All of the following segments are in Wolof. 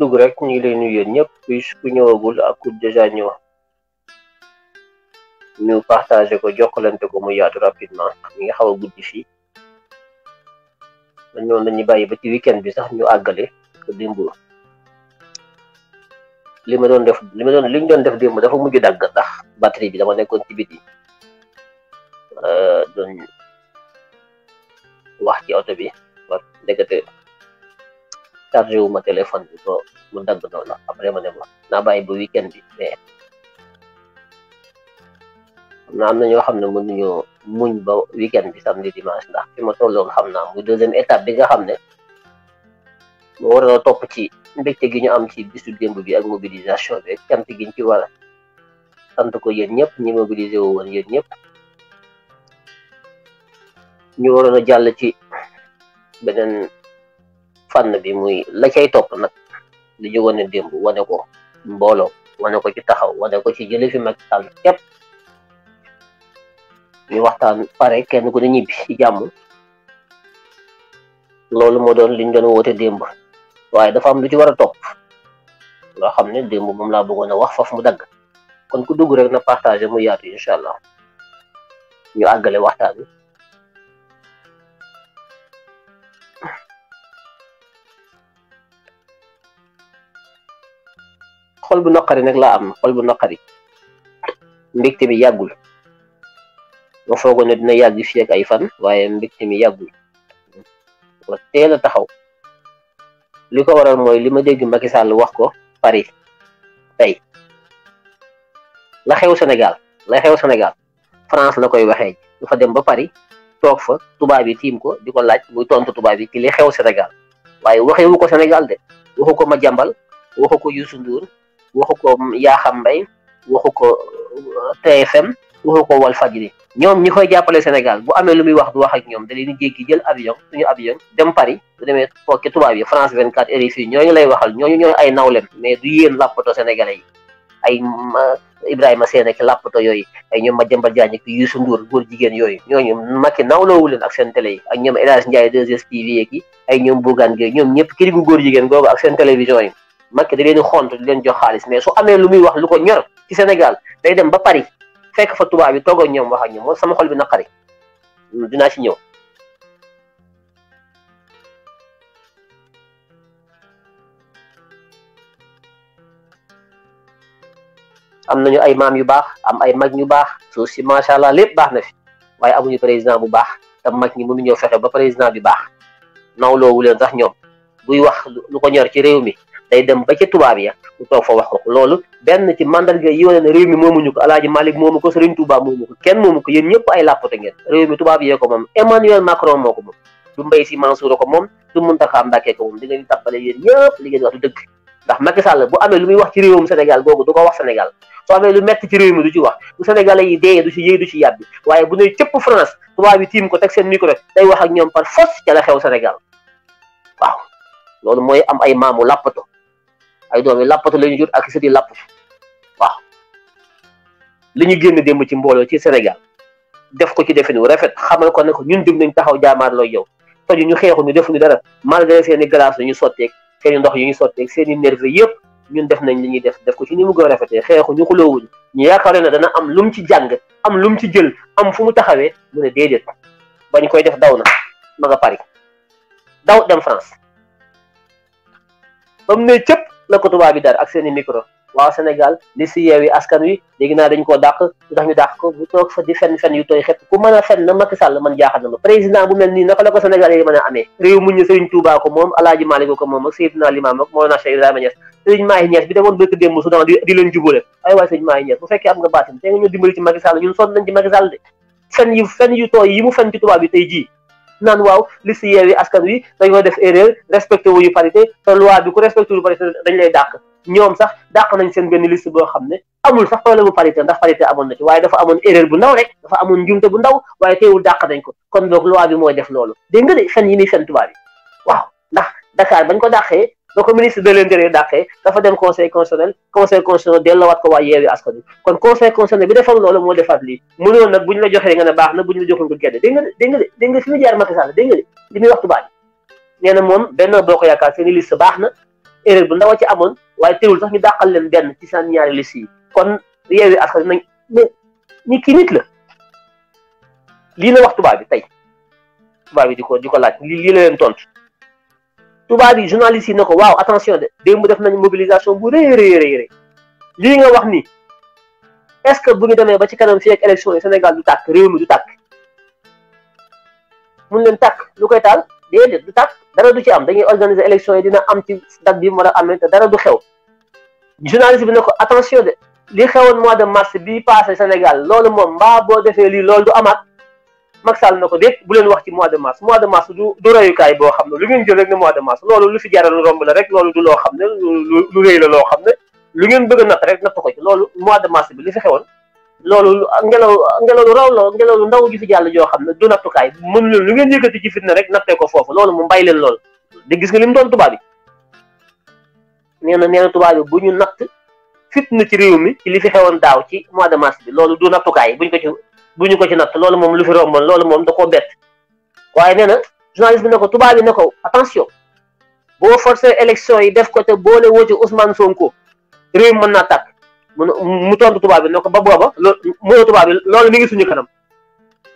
dugg rek ñu lay nuyu yéen fi ku ñëwagul ak ku déjà ñëw ñu partager ko jokkalante ko mu yaatu rapidement mi nga xawa guddi fi man ñoom dañuy bayyi ba ci weekend bi sax ñu àggale ko démb li ma doon def li ma doon li ñu doon def démb dafa mujj dagg ndax batterie bi dama nekkoon ci biti euh doon wax ci auto bi wax ndekete chargé wu ma téléphone bi ba mu dagg noonu après ma ne ma naa bàyyi ba weekend bi mais am na ñoo xam ne mënuñoo muñ ba weekend bi samedi dimanche ndax fi ma tolloon xam naa muy deuxième étape bi nga xam ne moo war a topp ci mbégte gi ñu am ci bisu démb bi ak mobilisation bi gi ñu ci war a ko yéen ñëpp ñi mobilisé wu woon yéen ñëpp ñu waroon a jàll ci beneen. fànn bi muy la cay topp nag lu ñu wane démb wane ko mbooloo wane ko ci taxaw wane ko ci jële fi mag Sall képp ñu waxtaan pare kenn ku ne ñibbi ci jàmm loolu moo doon liñ doon woote démb waaye dafa am lu ci war a topp loo xam ne démb moom laa bëggoon a wax faf mu dagg kon ku dugg rek na partager mu yaatu incha allah ñu àggale waxtaan wi xol bu noqari nag laa am xol bu noqari mbégte mi yàggul ma foogoon ne dina yàgg fii ak ay fan waaye mbégte mi yàggul teel a taxaw li ko waral mooy li ma dégg Macky Sall wax ko pari tey la xew Sénégal la xew Sénégal France la koy waxee dafa dem ba pari toog fa tubaab yi tiim ko di ko laaj muy tontu tubaab yi ci li xew Sénégal waaye waxewu ko Sénégal de waxu ko Madiambal waxu ko Youssou Ndour waxu ko Yakham Mbaye waxu ko euh, TFM waxu ko Walfadjri ñoom ñi koy jàppale Sénégal bu amee lu muy wax du wax ak ñoom da leen di jéggi jël avion suñu avion dem Paris bu demee foofu ci tubaab yi France 24 RFI lay waxal ñooñu ñooy ay nawlem mais du yéen làppato sénégalais yi ay Ibrahima Sène ki làppato yooyu ay ñoom Madiambal Diagne ak Youssou Ndour góor jigéen yooyu ñooñu Macky nawloowu leen ak seen télé yi ak ñoom El Hadj Ndiaye 2STV yi ay ñoom Bougane Gueye ñoom ñëpp kii di góor jigéen googu ak seen télévision yi Macky da leen xont di leen jox xaalis mais su amee lu muy wax lu ko ñor ci Sénégal day dem ba Paris fekk fa tubaab bi toog ñoom wax ak ñoom sama xol bi naqari dinaa ci ñëw am nañu ay maam yu baax am ay mag ñu baax suuf si macha allah lépp baax na fi waaye amuñu président bu baax te mag ñi mënuñoo fexe ba président bi baax nawloowu leen sax ñoom buy wax lu ko ñor ci réew mi day dem ba ca tubaab ya mu toog fa wax ko loolu benn ci mandarga yi wane ne réew mi moomuñu ko alaaji Malick moomu ko Serigne Touba moomu ko kenn moomu ko yéen ñëpp ay làppate ngeen réew mi tubaab yee ko moom Emmanuel Macron moo ko moom du Mbaye Sy Mansour ko moom du am Mbacké ko moom di ngeen tàppale yéen ñëpp li ngeen wax du dëgg ndax Macky Sall bu amee lu muy wax ci réewum Sénégal googu du ko wax Sénégal soo amee réew mi du ci wax bu Sénégalais yi dee du ci yëy du ci yàbbi waaye bu ne cëpp France tubaab yi tiim ko teg seen rek day wax ak ñoom par force ca la xew Sénégal waaw loolu mooy am ay maamu làppato ay doom yi làppatu la ñu jur ak sët yi làppatu waaw li ñu génn démb ci mbooloo ci Sénégal def ko ci defin wu rafet xamal ko ne ko ñun jub nañ taxaw jaamaar looy yow toju ñu xeexu ñu defuñu dara malgré seen i glace yu ñu sotteeg seen ndox yu ñu sotteeg seen i nervis yëpp ñun def nañ li ñuy def def ko ci ñu mu gën rafetee xeexu ñu xuloowuñu ñu yaakaar ne dana am lu mu ci jàng am lu mu ci jël am fu mu taxawee mu ne déedéet bañ koy def daw na ma nga Paris daw dem la ko tubaab bi dar ak seen i micro waaw Sénégal li si yeewi askan wi léegi naa dañ koo dàq lu tax ñu dàq ko bu toog a fenn na Macky Sall man jaaxal na ma président bu mel nii naka la ko Sénégal yi mën a amee réew mu ñu Serigne Touba ko moom Alaaji Malick ko bi demoon bëkk yi mu fenn ci tubaab bi tey jii nan waw li ci yewi askan wi dañoo def erreur respecté wuñu parité te loi bi ku respecté wuñu parité dañ lay dàq ñoom sax dàq nañ seen benn liste boo xam ne amul sax problème bu parité ndax parité amoon na ci waaye dafa amoon erreur bu ndaw rek dafa amoon njumte bu ndaw waaye teewul dàq nañ ko kon donc loi bi mooy def loolu dégg nga de fen yi ni fen tubaab yi waaw ndax Dakar bañ ko dàqee ba ko ministre de l'intérieur dàqee dafa dem conseil constitutionnel conseil dellowaat delloowaat ko waa yeewi askan wi kon conseil constitutionnel bi defoon loolu moo defaat lii mënoon nag bu ñu la joxee nga ne baax na bu ñu la joxul nga génn dégg nga de dégg de dégg nga fi mu jaar Macky de li wax tubaab nee na moom benn boo ko yaakaar seeni liste baax na erreur bu ndaw a ci amoon waaye teewul sax ñu dàqal leen benn ci seen ñaari liste yi kon yeewi askan nañ kii nit la lii la wax tubaab bi tey tubaab bi di ko di ko laaj la leen tontu tubaab yi journaliste yi ne ko waaw attention de démb def nañ mobilisation bu rëy rëy rëy rëy lii nga wax ni est-ce que bu ñu demee ba ci kanam fii ak élection yi Sénégal du tàkk réew mi du tàkk mun leen tàkk lu koy taal déedéet du tàkk dara du ci am dañuy organiser élection yi dina am ci date bi mu am a dara du xew journaliste bi na ko attention de li xewoon mois de mars bii passé Sénégal loolu moom mbaa boo defee lii loolu du amaat Macky Sall na ko déet bu leen wax ci mois de mars mois de mars du du reyukaay boo xam ne lu ngeen jël lu romb la rek loolu du loo xam ne lu rëy la loo xam ne lu ngeen bëgg a natt rek natt ko ci loolu mois de mas bi li fi xewoon loolu ngelaw ngelaw lu raw la ngelaw lu ndaw ju fi jàll joo xam ne du nattukaay mën leen lu ngeen yëkkati ci fitna rek nattee ko foofu loolu mu bàyyi leen loolu de gis nga li mu doon tubaab yi nee na nee na tubaab yi bu ñu natt fitna ci réew mi ci li fi xewoon daaw ci mois de mars bi loolu du nattukaay buñ ko ci bu ñu ko ci natt loolu moom lu fi romboon loolu moom da koo bett waaye nee na journaliste bi ne ko tubaab bi ne ko attention boo forcer élection yi def ko te boole woo ci Ousmane Sonko réew mi mën naa tàkk mu tontu tubaab bi ne ko ba booba loolu mënoo tubaab bi loolu ngi suñu kanam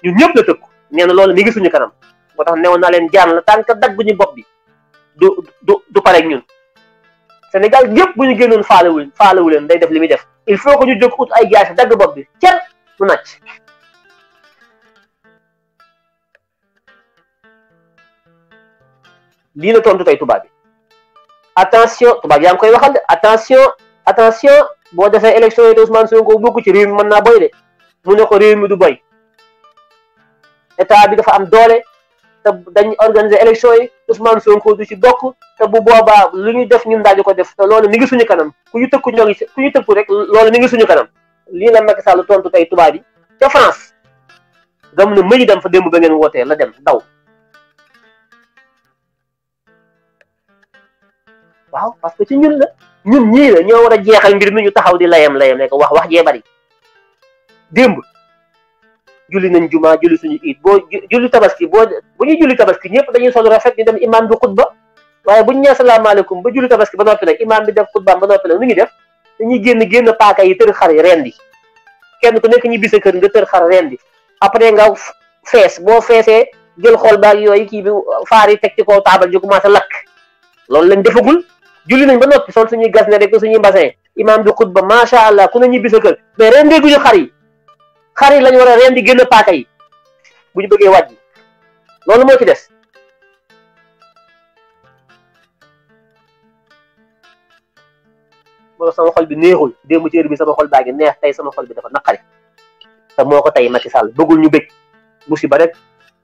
ñun ñëpp la tëkk nee na loolu mi ngi suñu kanam moo tax newoon na leen jaan la tànk dagg bu ñu bopp bi du du du pare ak ñun. Sénégal yëpp bu ñu génnoon faale wuñ faale wu leen day def li muy def il faut que ñu jóg ut dagg bopp bi cer lii la tontu tey tubaab bi attention tubaab yaa ngi koy waxal de attention attention boo defee élection yi te Ousmane Sonko bokku ci réew mën naa boy mu ne ko réew mi du boy état bi dafa am doole te dañ organiser élection yi Ousmane Sonko du ci bokk te bu boobaa lu ñu def ñun daal ko def te loolu mi ngi suñu kanam ku ñu tëkku ñoo ngi ku ñu tëkku rek loolu mi ngi suñu kanam lii la Macky Sall tontu tey tubaab bi ca France gam na mëj dem fa démb ba ngeen wootee la dem ndaw waaw parce que ci ñun la ñun ñii la ñoo war a jeexal mbir mi ñu taxaw di layam layam ko wax wax jee bari démb julli nañ juma julli suñu iid boo julli tabaski boo bu ñu julli tabaski ñëpp dañuy sol rafet ñu dem imam bi xutba waaye bu ñu nee salaamaaleykum ba julli tabaski ba noppi nag imam bi def xutbaam ba noppi nag nu ngi def dañuy génn génn paaka yi tër xar yi rendi kenn ku nekk ñibbi sa kër nga tër xar rendi après nga fees boo feesee jël xol baag yooyu kii bi faar yi teg ci kaw taabal ji commencé lakk loolu lañ defagul julli nañ ba noppi sol suñuy gas ne rek suñuy mbasin imaam bi xutba macha allah ku ne ñibbi sa kër mais rendee guñu xar yi xar yi lañ war a rendi génn paaka yi bu ñu bëggee wàjji loolu moo ci des moo sama xol bi neexul démb ci heure bi sama xol baa ngi neex tey sama xol bi dafa naqari te moo ko tey Macky Sall bëggul ñu bëgg musiba rek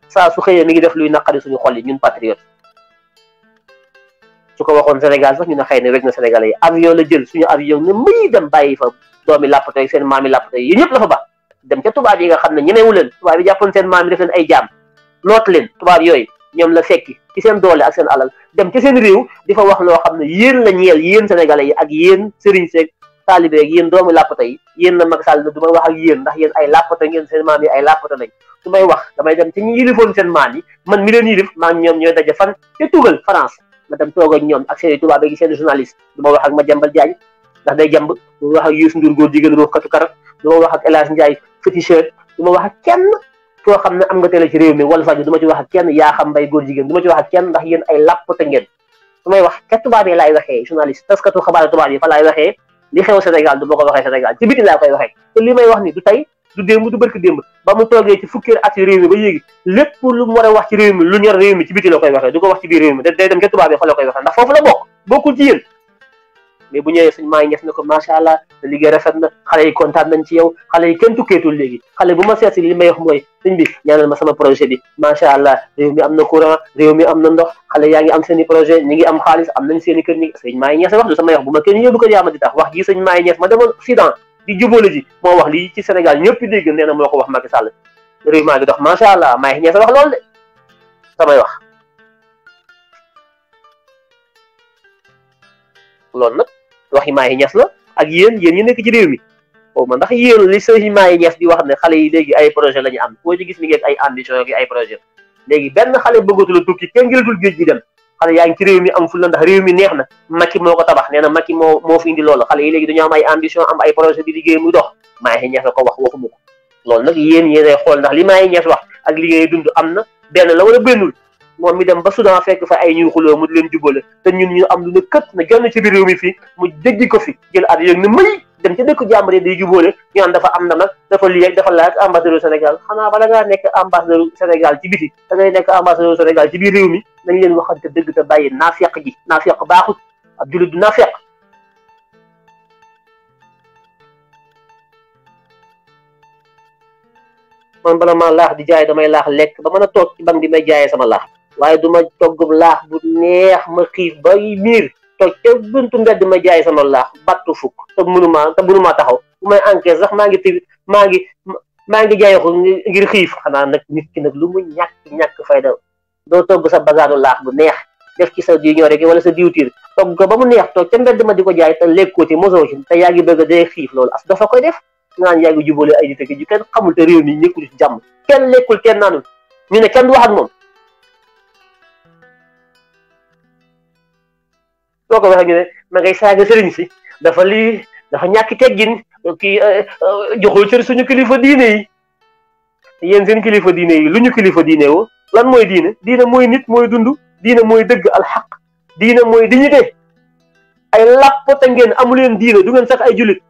saa su xëyee mi ngi def luy naqari suñu xol yi ñun patriote su ko waxoon Sénégal sax ñu ne xëy na rek na Sénégalais yi avion la jël suñu avion ne muy dem bàyyi fa doomi làppatoo yi seen la fa ba dem ca tubaab yi nga xam ne ñemewu leen maam yi man mi leen yilif maa ñoom ñooy daje fan te tugal France ma dem toog ak ñoom ak seen i tubaab yi seen i journaliste du ma wax ak ndax day jàmb du ma wax ak Youssou Ndour góor katu karat du ma wax ak El Hadj Ndiaye féticheur du ma wax ak kenn koo xam ne am nga télé mi wala faju du ma ci wax ak kenn yaa xam mbay góor jigéen du ma ci wax ak kenn ndax yéen ay làppte ngeen su may wax ca tubaab yi laay waxee journaliste taskatu xabaar tubaab yi fa laay waxee li xew Sénégal du ma ko waxee Sénégal ci biti koy waxee te li may wax ni du tey du démb du barki démb ba mu toogee ci fukki at ci réew mi ba yéegi lépp lu mu war a wax ci réew mi lu ñor réew mi ci biti la koy waxee du ko wax ci biir réew mi day dem ca tubaab yi fa la koy waxee ndax da rafet na kontaan nañ ci yow xale yi kenn tukkeetul léegi xale bu ma seet si li mooy suñ bi ñaanal sama projet bi macha allah réew mi am na courant réew mi am na ndox xale yaa ngi am seen i projet ñi ngi am xaalis am nañ seen i kër ñi sëñ maay ñes wax du sama wax bu ma kenn yóbbu ko yaama di tax wax ji sëñ maay ñes ma demoon sidan di jubóole ji mo wax li ci Sénégal ñëpp dégg nee moko wax Macky Sall réew ma ngi dox ma sha allah maay ñeesa wax loolu de samay wax nak wax yi may ñees la ak yeen yeen ñi nekk ci réew mi o man ndax yeen li sey may ñees di wax ne xalé yi léegi ay projet lañu am ko ci gis mi ngeen ay ambition ak ay projet léegi benn xale bëggatul tukki kenn jëlatul géej gi dem xale yaa ngi ci réew mi am fulla ndax réew mi neex na Macky moo ko tabax nee na Macky moo moo fi indi loolu xale yi léegi dañoo am ay ambition am ay projet di liggéey muy dox Mahi Niass la ko wax waxuma ko loolu nag yéen yéenay xool ndax li Mahi Niass wax ak liggéey dund am na benn la wala bennul moom mi dem ba Soudan fekk fa ay ñuy xuloo mu di leen jubale te ñun ñu am lu ne na genn ci biir réew mi fii mu jéggi ko fi jël at yéeg na may dem ci dëkk jàmbur di jubóole ñu naan dafa am na nag dafa lii dafa laaj ambassadeur Sénégal xanaa bala ngaa nekk ambassadeur Sénégal ci biti da ngay nekk ambassadeur Sénégal ci biir réew mi nañ leen waxante dëgg te bàyyi naafeq ji nafiq baaxut ab jullit du naafeq man bala maa laax di jaay damay laax lekk ba mën a toog ci ban bi may jaayee sama laax waaye du ma toggum laax bu neex ma xiif bay miir toog ca buntu mbedd ma jaay sama laax battu fukk te mënumaa te mënumaa taxaw bu may encaisse sax maa ngi tëj maa ngi maa ngi jaay ko ngir xiif xanaa nag nit ki nag lu mu ñàkk ñàkk fayda doo togg sa bagaanu laax bu neex def ci sa diw ñoo rek wala sa diwtiir togg ba mu neex toog ca mbedd ma di ko jaay te lekkoo ci mosoo ci te yaa ngi bëgg a dee xiif loolu as dafa koy def naan yaa ngi jubale ay nit ak kenn xamul te réew mi ñëkkul jàmm kenn lekkul kenn naanul ñu ne kenn du wax soo ko waxee ñu ne ma ngay saaga sëriñ si dafa lii dafa ñàkk teggin ki eh, eh, joxul cër suñu kilifa diine yi yéen seen kilifa diine yi lu ñu kilifa diine woo lan mooy diine diine mooy nit mooy dund diine mooy dëgg alxaq diine mooy dignité ay làppata ngeen amu leen diine du ngeen sax ay jullit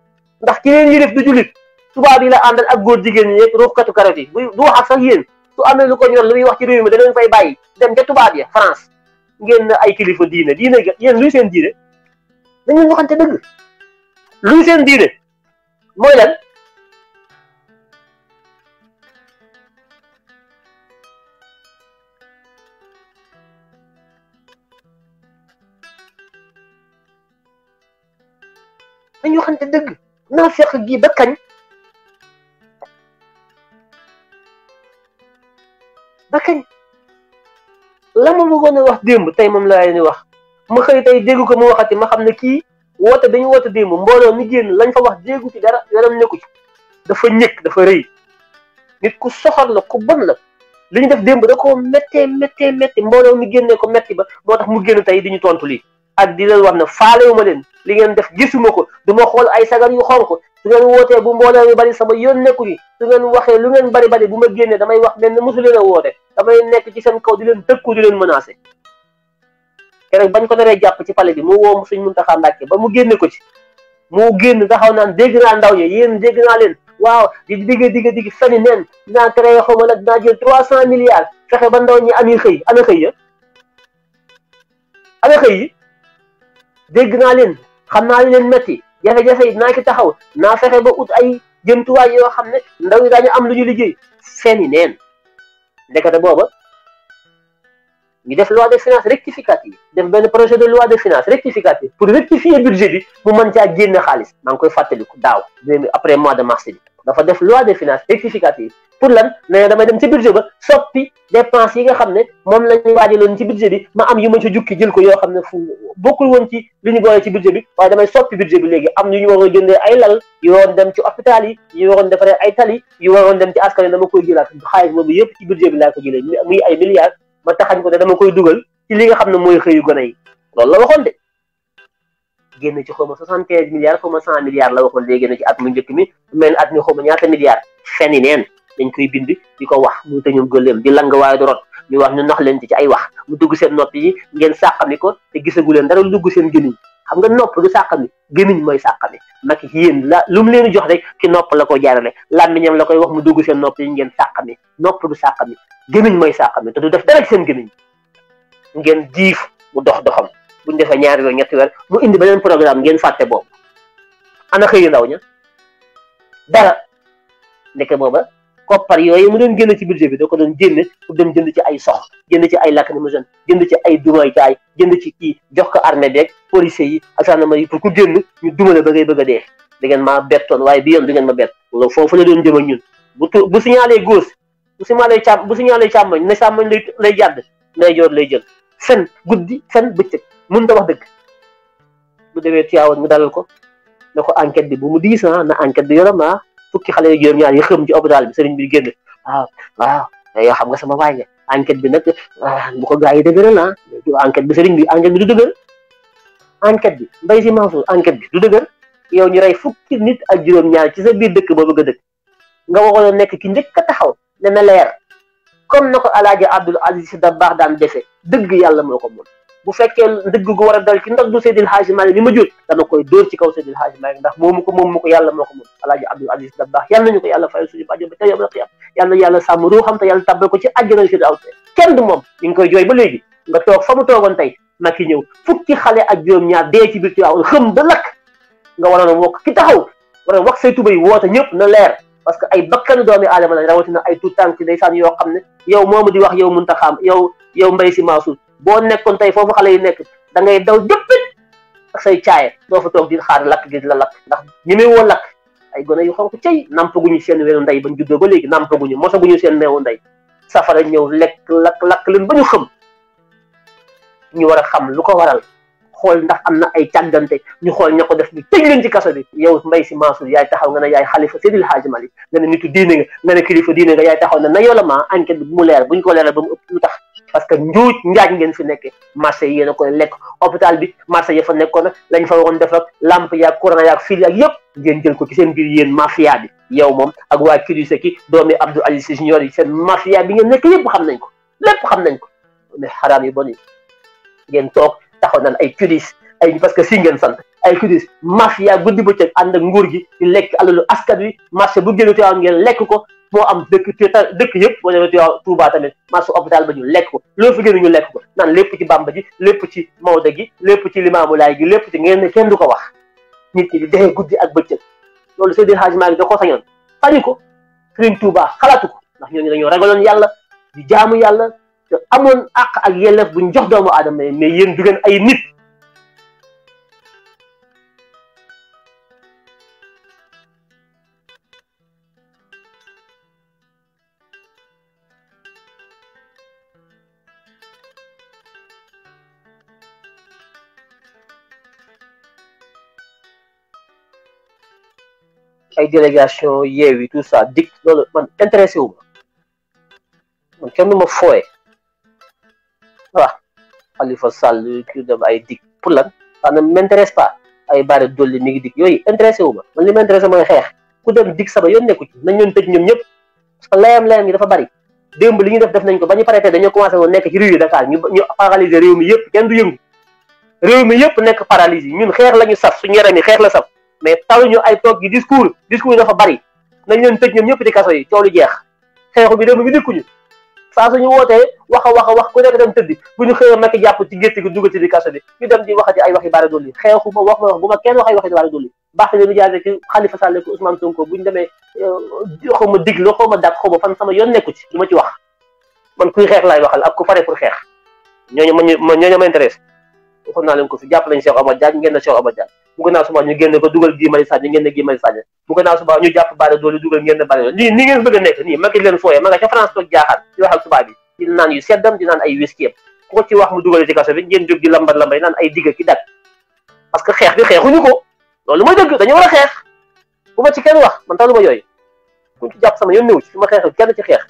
ndax ki leen yi def du jullit tubaab yi la àndal ak góor jigéen ñi yeeg ruuxkatu karat yi du wax ak sax yéen su amee lu ko ñor lu muy wax ci réew mi da leen fay bàyyi dem tubaab ya France ngeen na ay kilifa diine diine ga yéen luy seen diine dañu waxante dëgg luy seen diine mooy lan dañu waxante dëgg naa feq gi ba kañ ba kañ la ma bëggoon a wax démb tey moom laa leen di wax ma xëy tey dégg ko mu waxati ma xam ne kii woote dañu woote démb mbooloo mi génn lañ fa wax déggu ci dara yaram nekku ci dafa ñëkk dafa rëy nit ku soxor la ku bon la li ñu def démb da koo méttee méttee métti mbooloo mi génnee ko métti ba moo tax mu génn tey di ñu tontu lii. ak di leen wax ne faalewu ma leen li ngeen def gisuma ko du ma xool ay sagar yu xonk su ngeen wootee bu mbooloo mi bari sama yoon nekku yi su ngeen waxee lu ngeen bari bari bu ma génnee damay wax mel ne mosu leen a woote damay nekk ci seen kaw di leen dëkku di leen menacé keroog bañ ko naree jàpp ci pale bi mu woo suñ Muntaxa Mbàkke ba mu génne ko ci mu génn taxaw naan dégg naa ndaw ñi yéen dégg naa leen waaw di digg digg digg feni neen dinaa créé xaw ma nag dinaa jël trois cent milliards fexe ba ndaw ñi ami xëy ana xëy ya ana yi dégg naa leen xam na li leen metti jafe-jafe yi naa ci taxaw naa fexe ba ut ay jëmtuwaay yoo xam ne ndaw yi daañu am lu ñu liggéey seeni neen ndekete booba ñu def loi de finance rectificative def benn projet de loi de finance rectificative pour rectifier budget bi mu mën caa génne xaalis maa ngi koy fàttaliku daaw après mois de mars bi dafa def loi des finances rectificative pour lan nee damay dem ci budget ba soppi dépense yi nga xam ne moom la ñu waajaloon ci budget bi ma am yu ma ci jukki jël ko yoo xam ne fu bokkul woon ci li ñu boole ci budget bi waaye damay soppi budget bi léegi am yu ñu waroon jëndee ay lal yu waroon dem ci hôpital yi yu waroon defaree ay tali yu waroon dem ci askan dama koy jëlaat xaalis boobu yëpp ci budget bi laa ko jëlee muy ay milliards ma taxañ ko ne dama koy dugal ci li nga xam ne mooy xëyu gone yi loolu génne ci xaw ma soixante quinze milliards xaw ma cent milliards la waxoon léegi na ci at mu njëkk mi mel at mi xaw ñaata milliards fenni neen dañ koy bind di ko wax mu tëñum gëléem di lang waaye dorot ñu wax ñu nax leen ci ci ay wax mu dugg seen nopp yi ngeen sàqami ko te gisagu leen dara lu dugg seen gémmiñ xam nga nopp du sàqami gémmiñ mooy sàqami mag yéen la lu mu leen jox rek ci nopp la ko jaarale làmmiñam la koy wax mu dugg seen nopp yi ngeen sàqami nopp du sàqami gémmiñ mooy sàqami te du def dara ci seen gémmiñ ngeen diif mu dox doxam buñ defee ñaari weer ñetti weer mu indi beneen programme ngeen fàtte boobu ana xëy ndaw ña dara ndeke booba koppar yooyu mu doon génn ci budget bi da ko doon génne pour dem jënd ci ay sox jënd ci ay lacrymogène jënd ci ay dumay taay jënd ci kii jox ko armée beeg policiers yi ak gendarmerie pour ku génn ñu dumale ba ngay bëgg a da ngeen maa bettoon waaye bi yoon du ngeen ma bett loolu foofu la doon jëm ak ñun bu bu signalé gauche bu signalé càmm bu signalé càmmoñ ne càmmoñ lay lay jàdd ndeyjoor lay jël fen guddi sen bëccëg mun da wax dëgg bu demee Tivaouane ñu dalal ko ko enquête bi bu mu diis ah na enquête bi yoram ah fukki xale yu juróom-ñaar yi xëm ci hôpital bi sëriñ bi génn ah, waaw xam nga sama waay nga bi nag ah, bu ko gars yi dëgëral ah enquête bi sëriñ bi enquête bi du dëgër enquête bi mbay si Mansour enquête bi du yow ñu rey fukki nit ak juróom-ñaar ci sa biir dëkk boo bëgg a dëkk nga waxoon nekk ki njëkk a taxaw ne na leer comme na ko alaaji Abdul Aziz Dabakh daan defee dëgg yàlla moo ko mën bu fekkee ndëgg gu war a dal ci ndog du Seydil Hadji Malick bi ma jur dama koy dóor ci kaw Seydil Hadji Malick ndax moomu ko moom mu moo ko moom alaaji Abdou Aziz Dabakh yal nañu ko yàlla fayal suñu bàjjo ba tey ba xiyam yal na yàlla moom ñu koy jooy ba léegi nga toog fa mu toogoon tey Macky ñëw fukki ñaar dee nga waroon a wokk ki taxaw waroon wax say tubay woote ñëpp na leer parce que ay bakkanu doomi aadama lañ rawatina ay tuut tànk ci ndeysaan yoo xam ne yow moomu di wax yow Muntaxa yow yow Mbaye Sy Mansour boo nekkoon tey foofu xale yi nekk da ngay daw jëppit ak say caaya doo fa toog di xaar lakk gi la lakk ndax ñi muy woo lakk ay gone yu xonk cey nampaguñu seen weeru ndey bañ juddoo ba léegi nampaguñu mosaguñu seen meewu ndey safara ñëw lekk lakk lakk leen ba ñu xëm ñu war a xam lu ko waral xool ndax am na ay càggante ñu xool ña ko def ñu tëj leen ci kaso bi yow Mbaye Sy Mansour yaay taxaw nga ne yaay xalifa Seydil Hadji nga ne nitu diine nga nga ne kilifa diine nga yaay taxaw ne na yow la ma mu leer buñ ko leeral ba lu tax parce que njuuj njaaj ngeen fi nekkee marché yi koy lekk hôpital bi marché ya fa nekkoon lañ fa waroon def ak lamp yaag courant yaag fil yaag yëpp ngeen jël ko ci seen biir yéen mafia bi yow moom ak waa Kiruse ki doomi Abdou Aziz Sy Junior yi seen mafia bi ngeen nekk yëpp xam nañ ko lépp xam nañ ko mais xaraam yi bon ngeen toog taxaw naan ay Kiruse ay parce que si ngeen sant ay Kiruse mafia guddi bëccëg ànd ak nguur gi di lekk alalu askan wi marché bu génn lekk moo am dëkk dëkk yëpp boo demee Tiwaawan Tuuba tamit marché hôpital ba ñu lekk ko loolu fi gën ñu lekk ko naan lépp ci Bàmba ji lépp ci Maodo gi lépp ci Limaamu Laay gi lépp ci ngeen ne kenn du ko wax nit ñi di dee guddi ak bëccëg loolu Seydi Hajji Maalik da koo sañoon sañu ko Sëriñ Tuuba xalaatu ko ndax ñu ñooñu dañoo ragaloon yàlla di jaamu yàlla te amoon àq ak yelleef buñ jox doomu aadama mais yéen du ngeen ay nit ay délégation yewi tout ça dik lolu man intéressé wu man kenn du ma fooye waaw Khalifa Sall ki dem ay dik pour lan ça ne m'intéresse pas ay bari dolli mi ngi dikk yooyu intéressé wu man li ma intéressé mooy ku dem dik sama yoon nekku ci nañ ñun tej ñom ñep sa layam layam yi dafa bari demb li ñu def def nañ ko bañu paré té dañu commencé won nek ci rue yu Dakar ñu ñu paralyser rew mi yëpp kenn du yëngu rew mi yëpp nek paralysie ñun xeex lañu saf suñu yaram yi la saf mais ñu ay toog gi discours discours yi dafa bari nañ leen tëj ñoom ñëpp di kaso yi coow lu jeex xeexu bi dem bi dikkuñu saa suñu wootee wax a wax a wax ku nekk dem tëdd bu ñu xëyoon nag gi dugal ci di kaso bi ñu di ay wax yu bari dolli xeexu ma wax ma wax bu ma kenn wax ay wax yu bari dolli baax na lu jaaree ci Khalifa Sall ko Ousmane Sonko bu euh, ci wax man kuy xeex laay waxal ak ku fare pour xeex ñooñu ma ñooñu ma intéresse waxoon naa leen ko fi jàpp lañ Cheikh Omar Diagne mu gën naa subaa ñu génne ko dugal Guy Marius Sagna ngeen ne Guy Marius subaa ñu jàpp Bara Dolly dugal ngeen ne Bara nii nii ngeen bëgg a nekk nii Macky leen fooyee ma nga ca France toog jaaxaan di waxal subaa bi naan yu seddam di naan ay whisky ko ci wax mu dugal ci kaso bi ngeen jóg di lambar lambar naan ay digg ki dag parce que xeex bi xeexu xeexuñu ko loolu ma dëgg dañu war a xeex bu ma ci kenn wax man taluma yooyu kuñ ci jàpp sama yoon néew ci ma xeexal kenn ci xeex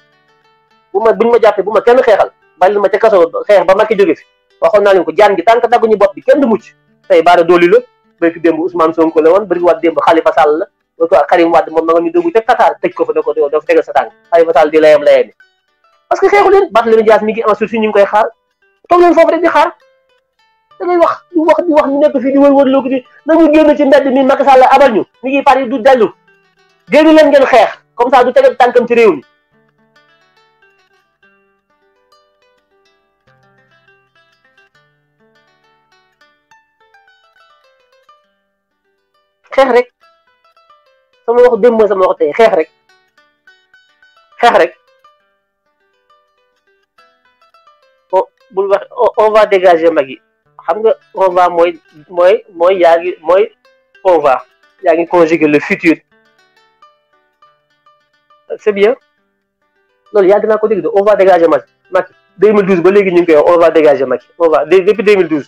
bu ma ma jàppee bu ma kenn xeexal bàyyi ma ca kaso xeex ba Macky jóge fi waxoon naa ko jaan gi tànk dagguñu bopp bi kenn du mucc tey Bara Dolly bari ki démb Ousmane Sonko la woon bari waat démb Khalifa Sall la ba ko ak Karim Wade moom ma nga ñu dugg ca Qatar tëj ko fa ne doo doo tegal sa tànk Khalifa Sall di layam layami parce que xeexu leen Barthélémy Dias mi ngi en génn ci mbedd mi Macky Sall abal ñu mi ngi Paris du dellu génn leen ngeen xeex comme ça du tegal tànkam ci réew mi xeex rek sama wax démb sama wax tey xeex rek xeex rek o bul wax on va dégager mag yi xam nga on va mooy mooy mooy yaa ngi mooy on va yaa ngi conjuguer le futur c'est bien loolu yàgg naa ko dégg de on va dégager mag Macky 2012 ba léegi ñu ngi koy wax on va dégager Macky on va depuis 2012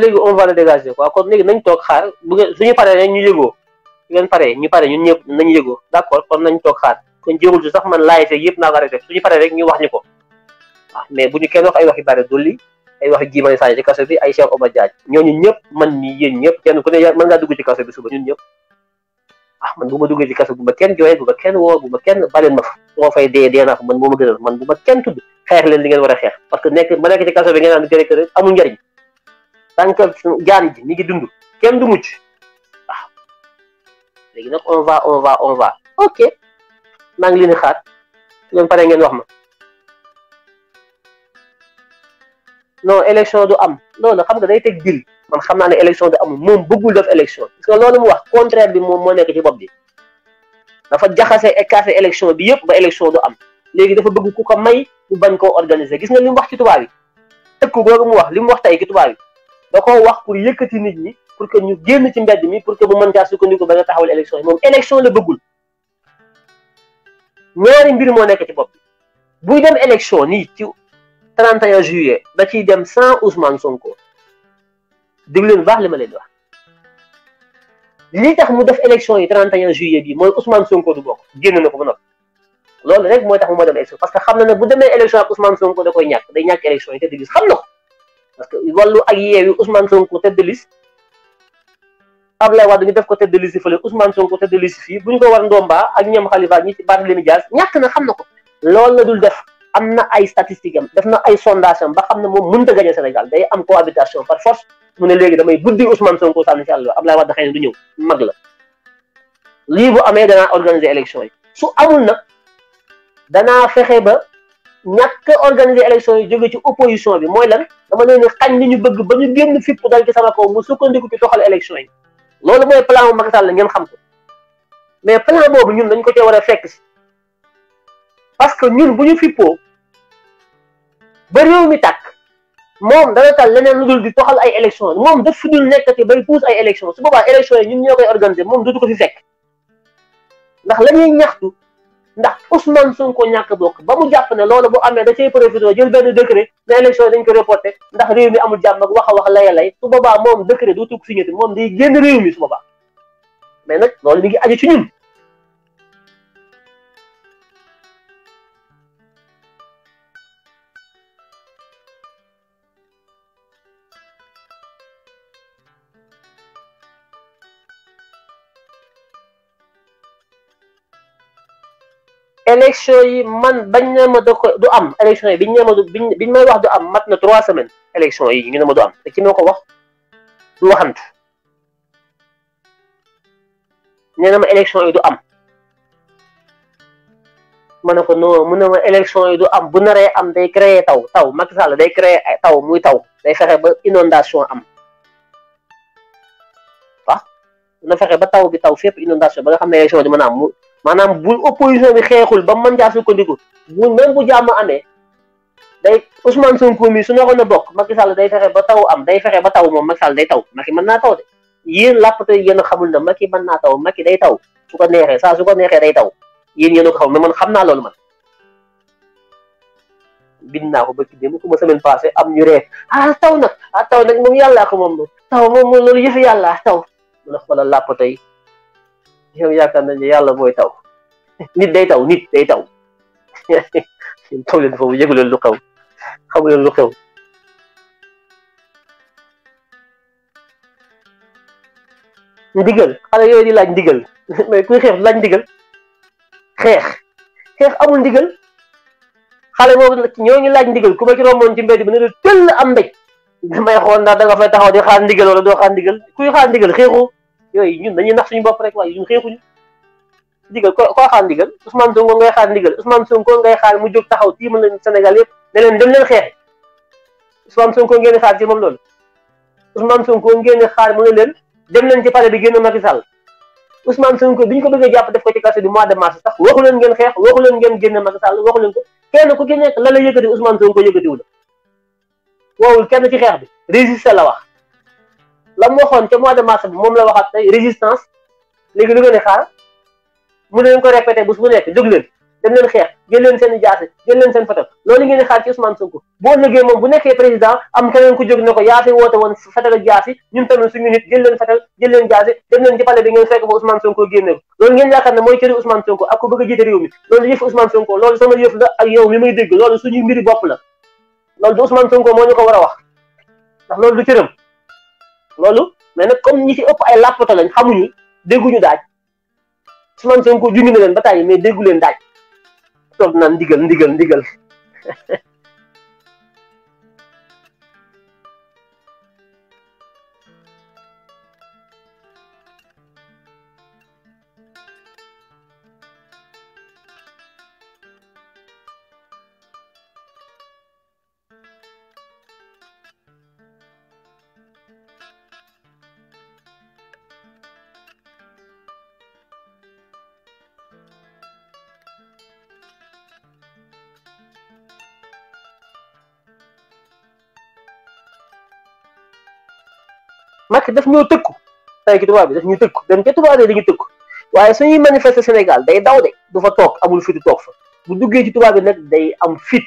léegi on va le dégager quoi kon léegi nañ toog xaar bu suñu paree ñu yëgoo su ngeen paree ñu pare ñun ñëpp nañ yëgoo d' accord kon nañ toog xaar kon jërul si sax man laay te yëpp naa ko arrêté suñu paree rek ñu wax ñu ko ah mais ñu kenn wax ay wax yu wax yu jiimani saa ci kaso bi ay Cheikh Omar Diagne ñooñu ñëpp man mii yéen kenn ku ne mën ngaa dugg ci kaso bi suba ñun ñëpp ah, man bu ma kaso bu kenn jooyee bu kenn baleen ma fa su ma fay dee dee naa fa man moo ma gënal man bu kenn tudd xeex leen li ngeen war a xeex parce que nekk ma nekk ci kaso bi ngeen naan gërë amul njariñ tant que gaari ji ñu ngi dund kenn du mujj waaw léegi nag on va on va on ok maa ngi leen di xaar su leen ngeen wax ma non élection du am loolu xam nga day teg dil man xam naa ne élection du amul moom bëggul def élection parce mu wax contraire bi moom moo nekk ci bopp bi dafa jaxase écarté élection bi yëpp ba élection du am léegi dafa bëgg ku ko may mu bañ koo organiser gis nga li mu wax ci tubaab yi tëkk googu mu wax li mu wax tey ci tubaab yi da koo wax pour yëkkati nit ñi pour que ñu génn ci mbedd mi pour que mu mën caa sukkandiku ba nga taxawal élection yi moom élection la bëggul ñaari mbir moo nekk ci bopp buy dem élection nii ci 31 juillet da ciy dem sans Ousmane Sonko déglu leen baax li ma leen wax li tax mu def élection yi 31 juillet bi mooy Ousmane Sonko du bokk génn na ko ba noppi loolu rek mooy tax mu ma dem élection parce que xam na ne bu demee élection ak Ousmane Sonko da koy ñàkk day ñàkk élection yi te di gis xam na ko parce que wàllu ak yeewi Ousmane Sonko tête de liste Ablaye Wade ñu def ko tête de liste fële Ousmane Sonko tête de liste fii bu ñu ko war ndomba ak ñoom Khalifa ñi ci Barthélémy Dias ñàkk na xam na ko la dul def am ay statistiques am def na ay sondage ba xam ne moom mënut a Sénégal day am cohabitation par force mu ne léegi damay buddi Ousmane Sonko sànni si àll ba Ablaye Wade xëy du ñëw mag la lii bu amee danaa organiser élection yi su amul nag danaa fexe ba. ñàkk organiser élection yi jóge ci opposition bi mooy lan dama leen xañ li ñu bëgg ba ñu génn fipp dal ci sama kaw mu sukkandiku ci doxal élection yi loolu mooy plan bu la ngeen xam ko mais plan boobu ñun dañ ko cee war a fekk si parce que ñun bu ñu fippoo ba réew mi tàkk moom dana tal leneen lu dul di doxal ay élection moom def fi dul nekkati bay puus ay élection su boobaa élection yi ñun ñoo koy organiser moom dootu ko fi fekk ndax la ñuy ndax Ousmane Sonko ñàkk bokk ba mu jàpp ne loolu bu amee da cay profité jël benn décret ne élection dañ ko reporté ndax réew mi amul jàmm ak wax a wax lay lay su boobaa moom décret dootu ko signé moom day génn réew mi su boobaa mais nag loolu mi ngi aju ci ñun élection yi man bañ ne ma da ko du am élection yi biñ ne ma du biñ may wax du am mat na trois semaines élection yi ñu ne ma du am te ci ma ko wax du waxantu nee na ma élection yi du am ma ne ko non mu ne ma élection yi du am bu naree am day créer taw taw Macky Sall day créer taw muy taw day fexe ba inondation am waaw na fexe ba taw bi taw fépp inondation ba nga xam ne élection di mën a am mu maanaam bu opposition bi xeexul ba mën jaa sukkandiku bu même bu jàmm amee day Ousmane Sonko mi su naroon a bokk Macky Sall day fexe ba taw am day fexe ba taw moom Macky Sall day taw Macky mën naa taw yéen làppatoo yéen a xamul na Macky mën naa taw Macky day taw su ko saa su ko neexee day taw yéen yéen a ko man xam naa loolu man. bind naa ko ba ci démb ku ma semaine passée am ñu reet ah taw nag ah taw nag moom yàllaa ko moom taw moom loolu yëf yàllaa taw mu ne xoolal làppatoo yi ñoom yaakaar nañ ne yàlla mooy taw nit day taw nit day taw taw leen foofu yëgu leen lu xew xamu leen lu xew ndigal xale yooyu di laaj ndigal mais kuy xeex laaj ndigal xeex xeex amul ndigal xale boobu ñoo ñu laaj ndigal ku ma ci romboon ci mbedd bi ne la tëll am mbéj damay xool ndax da nga fay taxaw di xaar ndigal wala doo xaar ndigal kuy xaar ndigal xeexu yooyu ñun dañuy nax suñu bopp rek waaye ñun xeexuñu ndigal ko koo xaar ndigal Ousmane Sonko ngay xaar ndigal Ousmane Sonko xaar mu jóg taxaw tiimal leen Sénégal yëpp ne leen dem leen xeex Ousmane Sonko ngeen xaar ci moom loolu Ousmane Sonko ngeen xaar mu ne leen dem leen ci palais bi génn Macky Sall Ousmane Sonko bi ko bëggee jàpp def ko ci kaso bi mois de mars sax waxu leen ngeen xeex waxu leen ngeen génn Macky waxu leen ko kenn ku ci nekk la la yëkkati Ousmane Sonko yëkkatiwu la woowul kenn ci xeex bi résisté la wax lam mu ci mois de mars bi mom la waxat tay résistance légui lu ngeen xaar mu leen ko répéter bu su nekk jog leen dem leen xex gën leen seen jaase gën leen seen fatal loolu ngeen xaar ci Ousmane Sonko bo liggéey mom bu nekkee président am keneen ku jog nako yaasi wote won fatal ak jaasi ñun tamit suñu nit gën leen fatal gën leen jaase dem leen ci palais bi ngeen fekk fa Ousmane Sonko génne ko loolu ngeen yaakaar ne mooy cëri Ousmane Sonko ak ku bëgg a réew mi loolu yëf Ousmane Sonko loolu sama yëf la ak yow mi may dégg loolu suñu mbiri bopp la loolu du Ousmane Sonko moo ñu ko war a wax ndax loolu du cëram walo mais nag comme ñi ci ëpp ay làppata lañ xamuñu dégguñu daaj Ousmane Sonko junj na leen ba tàyyi mais déggu leen daaj toog naan ndigal ndigal ndigal ndax daf ñoo tëkku tey ki tubaab bi daf ñu tëkku dem ca tubaab yi dañu tëkku waaye suñuy manifester Sénégal day daw de du fa toog amul fitu toog fa bu duggee ci tubaab bi nag day am fit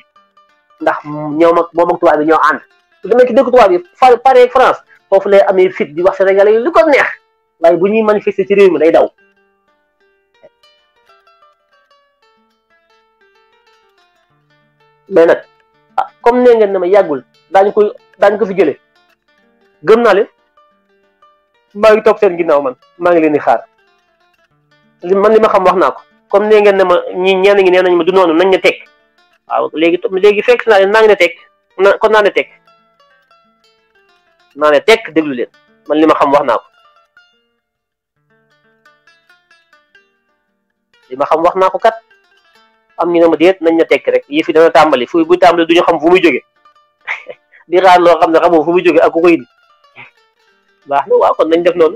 ndax ñoom ak moom ak tubaab bi ñoo ànd su demee ci dëkk tubaab yi fa Paris ak France foofu lay amee fit di wax sénégalais yi lu ko neex waaye bu ñuy manifester ci réew mi day daw. mais nag ah comme nee ngeen ne ma yàggul daañu ko dañ ko fi jëlee gëm naa leen. maa ngi toog seen naaw man maa ngi leen di xaar man li ma xam wax naa ko comme nee ngeen ne ma ñi ñenn ñi nee nañ ma du noonu nañ ne teg waaw léegi léegi fekk naa ne naa ngi ne teg na kon naa ne teg naa ne teg déglu leen man li ma xam wax naa ko li ma xam wax naa ko kat am ñu ne ma déet nañ ne teg rek yëf yi dana tàmbali fu buy tàmbali du ñu xam fu muy jóge di xaar loo xam ne xamoo fu muy jóge ak ku ko indi baax na waaw kon nañ def non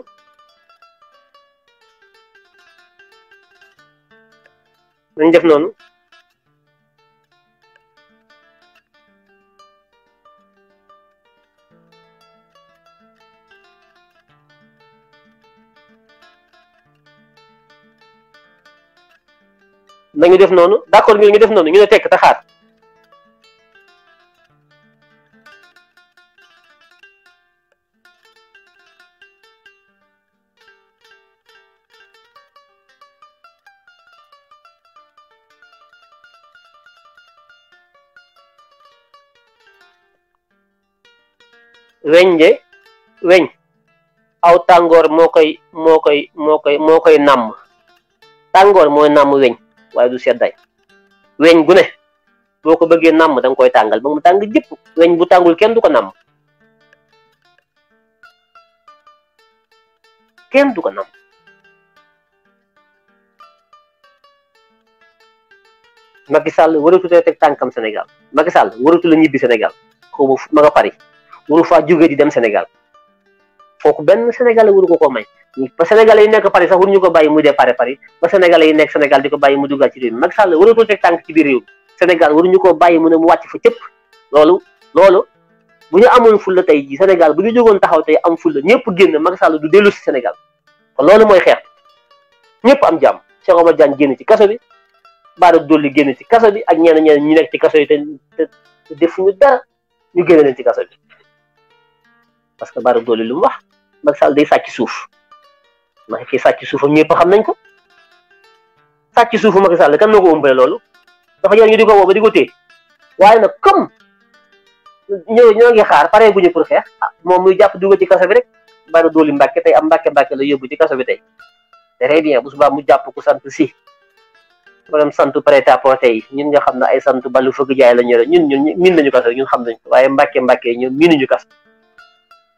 nañ def noonu nañu def noonu d'accord ngi def ñu xaar weñ de weñ aw tàngoor moo koy moo koy moo koy moo koy nàmm tàngoor mooy nàmm weñ waaye du seddaay weñ gu boo ko bëggee nàmm da koy tàngal ba mu tàng jëpp weñ bu tàngul kenn du ko nàmm kenn du ko nàmm Macky Sall waratutee tànkam Sénégal Macky waratu la ñibbi senegal xaw ma ma nga waru fa jóge di dem Sénégal kooku Ben Sénégalais wuro ko ko may ba Sénégalais yi nek Paris sax waruñu ko bàyyi muy déparé Paris ba Sénégalais yi nek Sénégal di bayyi mu duggaat ci réew mak Sall wuro ko teg tank ci biir réew Sénégal waruñu ko bayyi mu ne mu wacc fa cëpp lolu lolu bu ñu fulla tay ji Sénégal bu ñu taxaw tay am fulla ñepp genn mak Sall du dellu ci Sénégal kon loolu mooy xeex am jam. Cheikh Omar Diagne genn ci kasso bi baara doli genn ci kasso bi ak ñeneen ñeneen ñu nek ci kasso yi te ñu dara ñu genn ci kasso bi parce que Bara Dolly lu mu wax Macky Sall day sàcc suuf Macky fii sàcc suufam ñëpp xam nañ ko sàcc suufu Macky Sall kan moo ko ëmbale loolu dafa jar ñu di ko woo ba di ko téye waaye nag comme ñoo ñoo ngi xaar pare guñu pour xeex ah moom muy jàpp dugg ci kaso bi rek Bara Dolly Mbàkke tey am Mbàkke Mbàkke la yóbbu ci kaso bi tey très bien bu subaa mu jàpp ko sant si maanaam santu prêt à porter yi ñun nga xam na ay santu balu fëgg jaay la ñore ñun ñun miin nañu kaso ñun xam nañ waaye Mbàkke Mbàkke ñoom miinuñu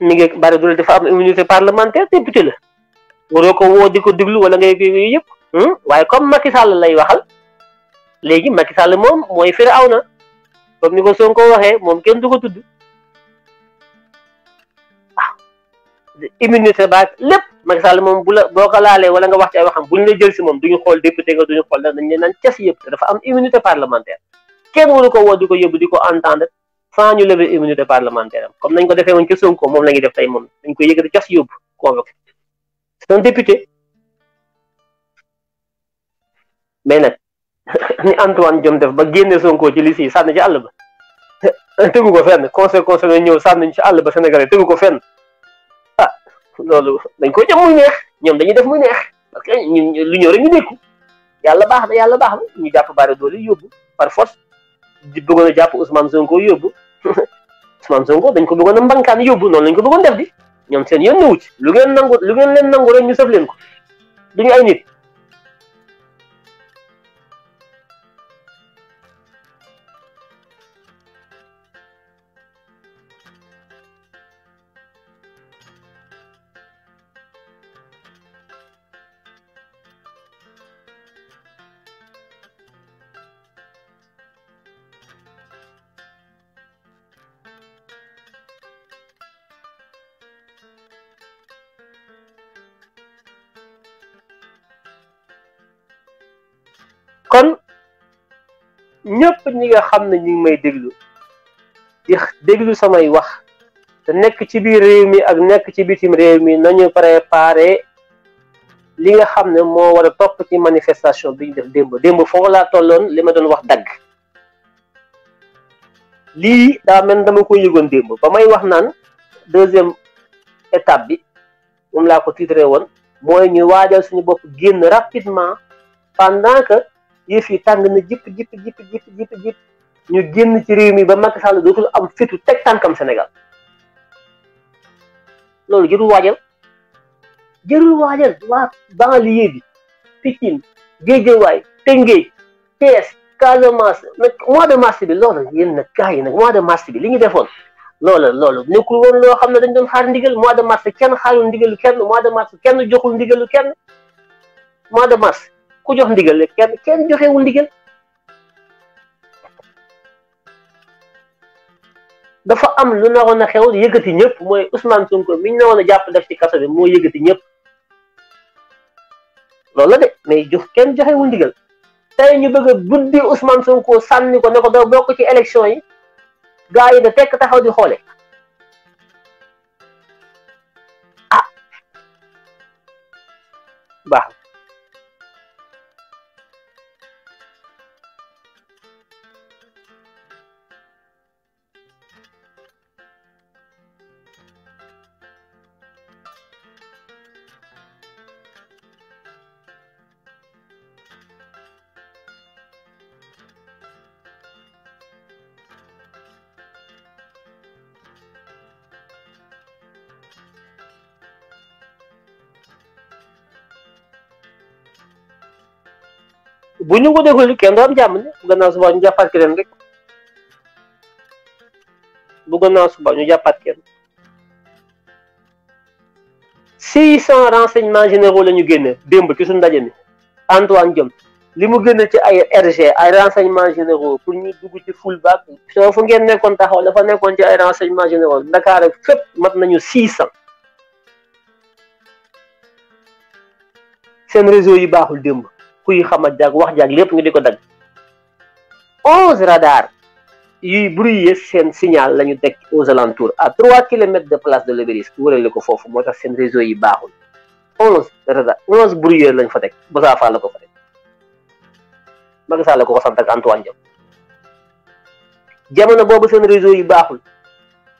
mi ngi bari doole dafa am immunité parlementaire député la waroo ko woo di ko déglu wala ngay koy yëpp hmm? waaye comme Macky Sall lay waxal léegi Macky Sall moom mooy na comme ni ko Sonko waxee moom kenn du ko tudd ah immunité ba lépp Macky Sall moom bu la boo ko laalee wala nga wax ci ay waxam buñ la jël si moom ñu xool député nga duñu xool dañ ne naan ces yëpp te dafa am immunité parlementaire kenn waru ko woo di ko yóbbu di ko entendre sans ñu lever immunité parlementaire am comme nañ ko defee woon ci Sonko moom la ñuy def tey moom dañ koy yëkkati cas yóbbu convoqué c'est un député mais nag ni Antoine Diome def ba génne Sonko ci liste yi sànni ci àll ba tëgu ko fenn conseil conseil ñëw sànni ci àll ba Sénégalais tëgu ko fenn ah loolu dañ koy jëm muy neex ñoom dañuy def muy neex parce que lu ñëw rek ñu nekku yàlla baax na yàlla baax na ñu jàpp bari doole yóbbu par force di bëggoon jàpp Ousmane Sonko yóbbu. Ousmane Sonko dañ ko bëggoon a mbankaan yóbbu noonu lañ ko bëggoon def di ñoom seen yoon ñëwu ci lu ngeen leen nangu rek ñu sëf leen ko duñu ay nit ñëpp ñi nga xam ne ñu ngi may déglu di déglu samay wax te nekk ci biir réew mi ak nekk ci bitim réew mi nañu préparé li nga xam ne moo war a topp ci manifestation bi ñu def démb démb foo laa tolloon li ma doon wax dagg lii daa mel dama ko yëgoon démb ba may wax naan deuxième étape bi moom laa ko titré woon mooy ñu waajal suñu bopp génn rapidement pendant que yëf yi tàng na jipp jipp jipp jipp jipp jipp ñu génn ci réew mi ba Macky Sall dootul am fitu teg tànkam Sénégal loolu jërul waajal jërul waajal waa banlieue bi waay Guédiawaye Tëngéej Thiès Casamance nag mois de mars bi loolu yéen nag gars yi nag mois de mars bi li ñu defoon loolu loolu nekkul woon loo xam ne dañ doon xaar ndigal mois de mars kenn xaarul ndigalu kenn mois de mars kenn joxul ndigalu kenn mois de mars ku jox ndigal kenn kenn joxewul ndigal dafa am lu naroon a xew yëkkati ñëpp mooy Ousmane Sonko mi ñu naroon a jàpp def ci kaso bi moo yëkkati ñëpp loolu la de mais jox kenn joxewul ndigal tey ñu bëgg a buddi Ousmane Sonko sànni ko ne ko doo ci élection yi gaa yi da tekk taxaw di xoole ah baax bu ñu ko deful kenn du am jàmm ne gën gannaaw suba ñu jàppaat keneen rek bu gannaaw suba ñu jàppaat kenn six cent renseignements généraux la ñu génne démb ci suñu ndaje mi Antoine Diome li mu génne ci ay RG er ay renseignements généraux pour ñu dugg ci full back soo fu ngeen nekkoon taxaw dafa nekkoon ci ay renseignements généraux Dakar ak fépp mat nañu six cent seen réseau yi baaxul démb kuy xam ak jag wax jag lépp ñu di ko dagg onze radar yuy bruyé seen signal lañu tek aux alentours à 3 km de place de l'obélisk wërale ko foofu moo tax seen réseau yi baaxul onze radar onze bruyé lañ fa tek Moussa Fall la ko fa tek Macky la ko ko sant ak Antoine Diop jamono boobu seen réseau yi baaxul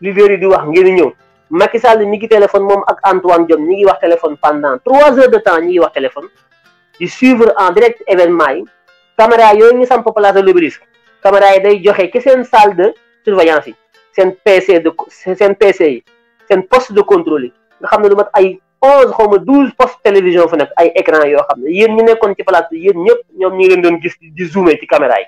li véri di wax ngeen ñëw Macky Sall mi ngi téléphone moom ak Antoine Diom ñi ngi wax téléphone pendant 3 heures de temps ñi ngi wax téléphone di suivre en direct événement yi caméra yooyu ñu samp place de l'Obélisque caméra yi day joxe ci seen salle de surveillance yi seen PC de seen PC yi de contrôle yi nga xam ne lu mat ay onze xaw ma douze poste télévision fu nekk ay écran yoo xam ne yéen ñu nekkoon ci place bi yéen ñëpp ñoom ñi ngi leen doon gis di ci caméra yi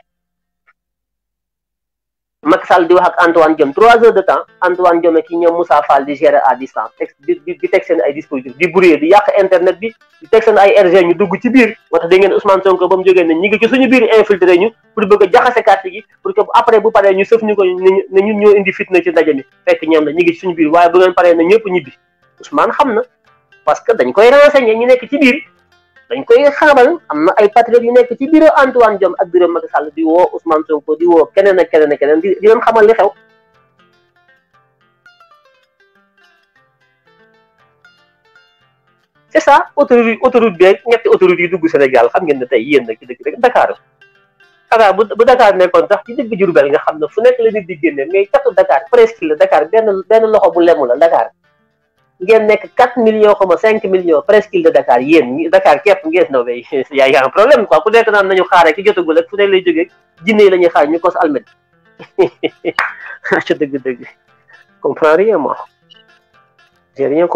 Macky Sall di wax ak Antoine Diome trois heures de temps Antoine Diome ki ñoom Moussa di gérer à distance di di teg seen ay dispositifs di brouillé di yàq internet bi di teg seen ay RG ñu dugg ci biir moo tax da ngeen Ousmane jógee ne ñi ci suñu biir infiltré ñu pour bëgg jaxase carte gi pour que après bu paree ñu sëf ñu ko ne ñun ñoo indi fitna ci ndaje mi fekk ñoom la ñi ci suñu biir waaye bu paree na ñëpp ñibbi Ousmane xam na parce dañ koy xamal am na ay patriotes yu nekk ci bureau Antoine Diome ak bureau Macky Sall di woo Ousmane Sonko di woo keneen ak keneen ak keneen di leen xamal li xew. c'est ça autoroute autoroute bi ñetti autoroute yi dugg Sénégal xam ngeen ne tey yéen nag ci dëkk dëkk Dakar xanaa bu bu Dakar nekkoon sax ci dëkk Jurbel nga xam ne fu nekk la nit di génne mais catu Dakar presque la Dakar benn benn loxo bu lemu la Dakar. ngeen nekk 4 million comme 5 millions presqu'île de Dakar yéen Dakar képp ngeen no bay yaa y a un problème quoi ku nekk naan nañu xaaree ki jotagul ak fu nekk lay jógee jinne yi la ñuy xaar ñu kos almet aco dëgg-dëgg comprends rien moi yi ña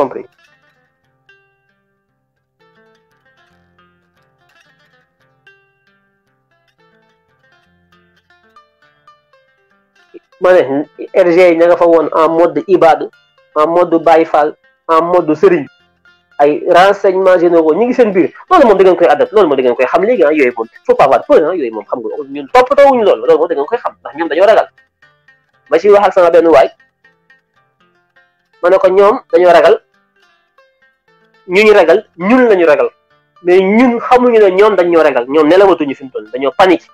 nga fa woon en mode ibadu en mode Baye Fall en mode seriñ ay renseignements généraux ñu ngi seen biir loolu moom da ngeen koy adapte loolu moom da ngeen koy xam léegi ah yooyu moom il faut pas avoir peur ah yooyu moom xam nga ñun toppatoo wuñu loolu loolu dañoo ragal ma ci wax ak sama benn waay ma ko ñoom dañoo ragal ñu ñu ragal ñun lañu ragal mais ñun xamuñu ne ñoom dañ ñoo ragal ñoom nelawatuñu fi mu toll dañoo panique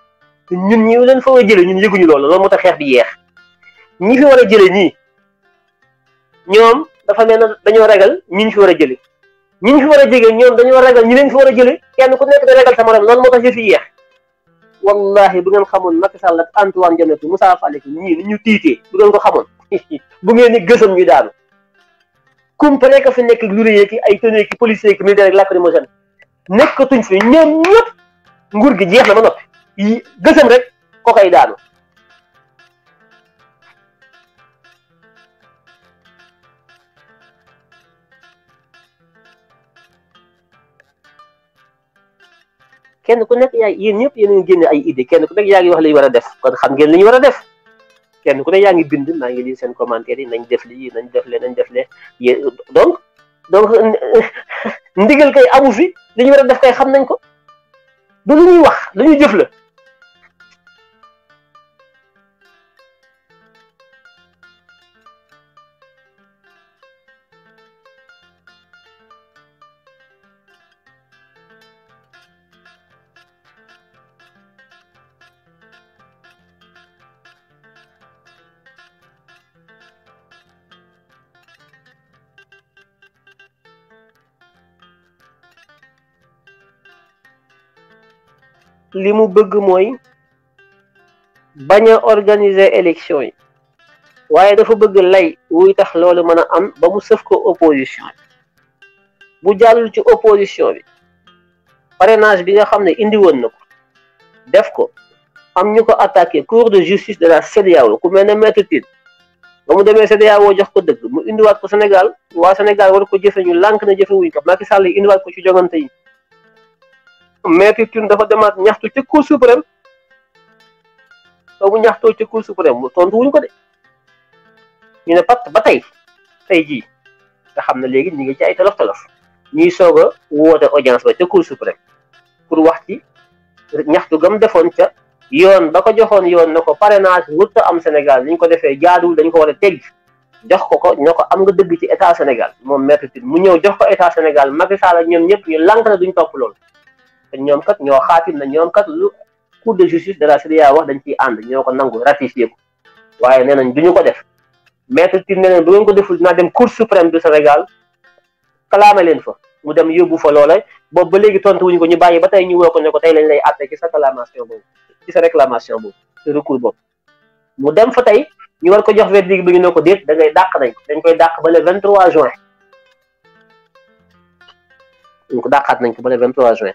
ñun ñi leen fa war a jëlee ñun yëguñu loolu loolu moo tax xeex bi yeex ñi fi war a jëlee nii ñoom dafa mel ne dañoo ragal ñi ñu fi war a jëlee ñi ñu fi war a jege ñoom dañoo ragal ñi leen fi war a jëlee kenn ku nekk da ragal sa morom loolu moo tax yëf yi yéex wallahi bu ngeen xamoon Macky Sall ak Antoine Diome ak Moussa Fall ñii ni ñu tiitee bu ngeen ko xamoon bu ngeen gësëm gësam ñu daanu kumpa nekk fi nekk lu rëy ki ay tenue ki policier ki militaire ak lacrymogène tuñ fi ñoom ñëpp nguur gi jeex na ba noppi gësëm rek ko koy daanu kenn ku nekk yaa yen ñëpp yéen a ngi génne ay idée kenn ku nekk yaa ngi wax li ñu war a def kon xam ngeen li ñu war a def kenn ku nekk yaa ngi bind maa ngi lii seen commentaire yi nañ def lii nañ def lee nañ def lee yéen donc donc ndigal kay amu fi li ñu war a def kay xam nañ ko du la ñuy wax lu ñuy jëf le li mu bëgg mooy bañ a organiser élection yi waaye dafa bëgg lay wuy tax loolu mën a am ba mu sëf ko opposition bi bu jàllul ci opposition bi parrainage bi nga xam ne indi woon na ko def ko am ñu ko attaqué cour de justice de la CEDEAO ku mel ne maître Tine ba mu demee CEDEAO jox ko dëgg mu indiwaat ko Sénégal waa Sénégal war ko jëfe ñu lànk na jëfe wuñ ko Macky Sall yi indiwaat ko ci jongante yi maître Tune dafa demaat ñaxtu ca cour suprême soo bu ñaxtoo ca cour suprême tontu wuñ ko de ñu ne pat ba tey tey jii nga xam ne léegi ñu ngi ci ay tolof tolof ñuy soog a woote audience ba ca cour suprême pour wax ci ñaxtu gam defoon ca yoon ba ko joxoon yoon na ko parrainage wut am Sénégal ni ñu ko defee jaaduwul dañ ko war a tegg jox ko ko ñoo ko am nga dëgg ci état Sénégal moom maître Tune mu ñëw jox ko état Sénégal Macky Sall ak ñoom ñëpp ñu lànk na duñ topp loolu te ñoom kat ñoo xaatim na ñoom kat lu cour de justice de la CEDEAO wax dañ ciy ànd ñoo ko nangu ratifié ko waaye nee nañ duñu ko def maître Tine nee nañ bu ngeen ko deful dinaa dem cour suprême du Sénégal clamé leen fa mu dem yóbbu fa loola boobu ba léegi tontu wuñ ko ñu bàyyi ba tey ñu woo ko ne ko tey lañ lay àtte ci sa clamation boobu ci sa réclamation boobu ci recours boobu mu dem fa tey ñu war ko jox verdict bi ñu ne ko déet da ngay dàq nañ dañ koy dàq ba le 23 juin ñu ko dàqaat nañ ko ba le 23 juin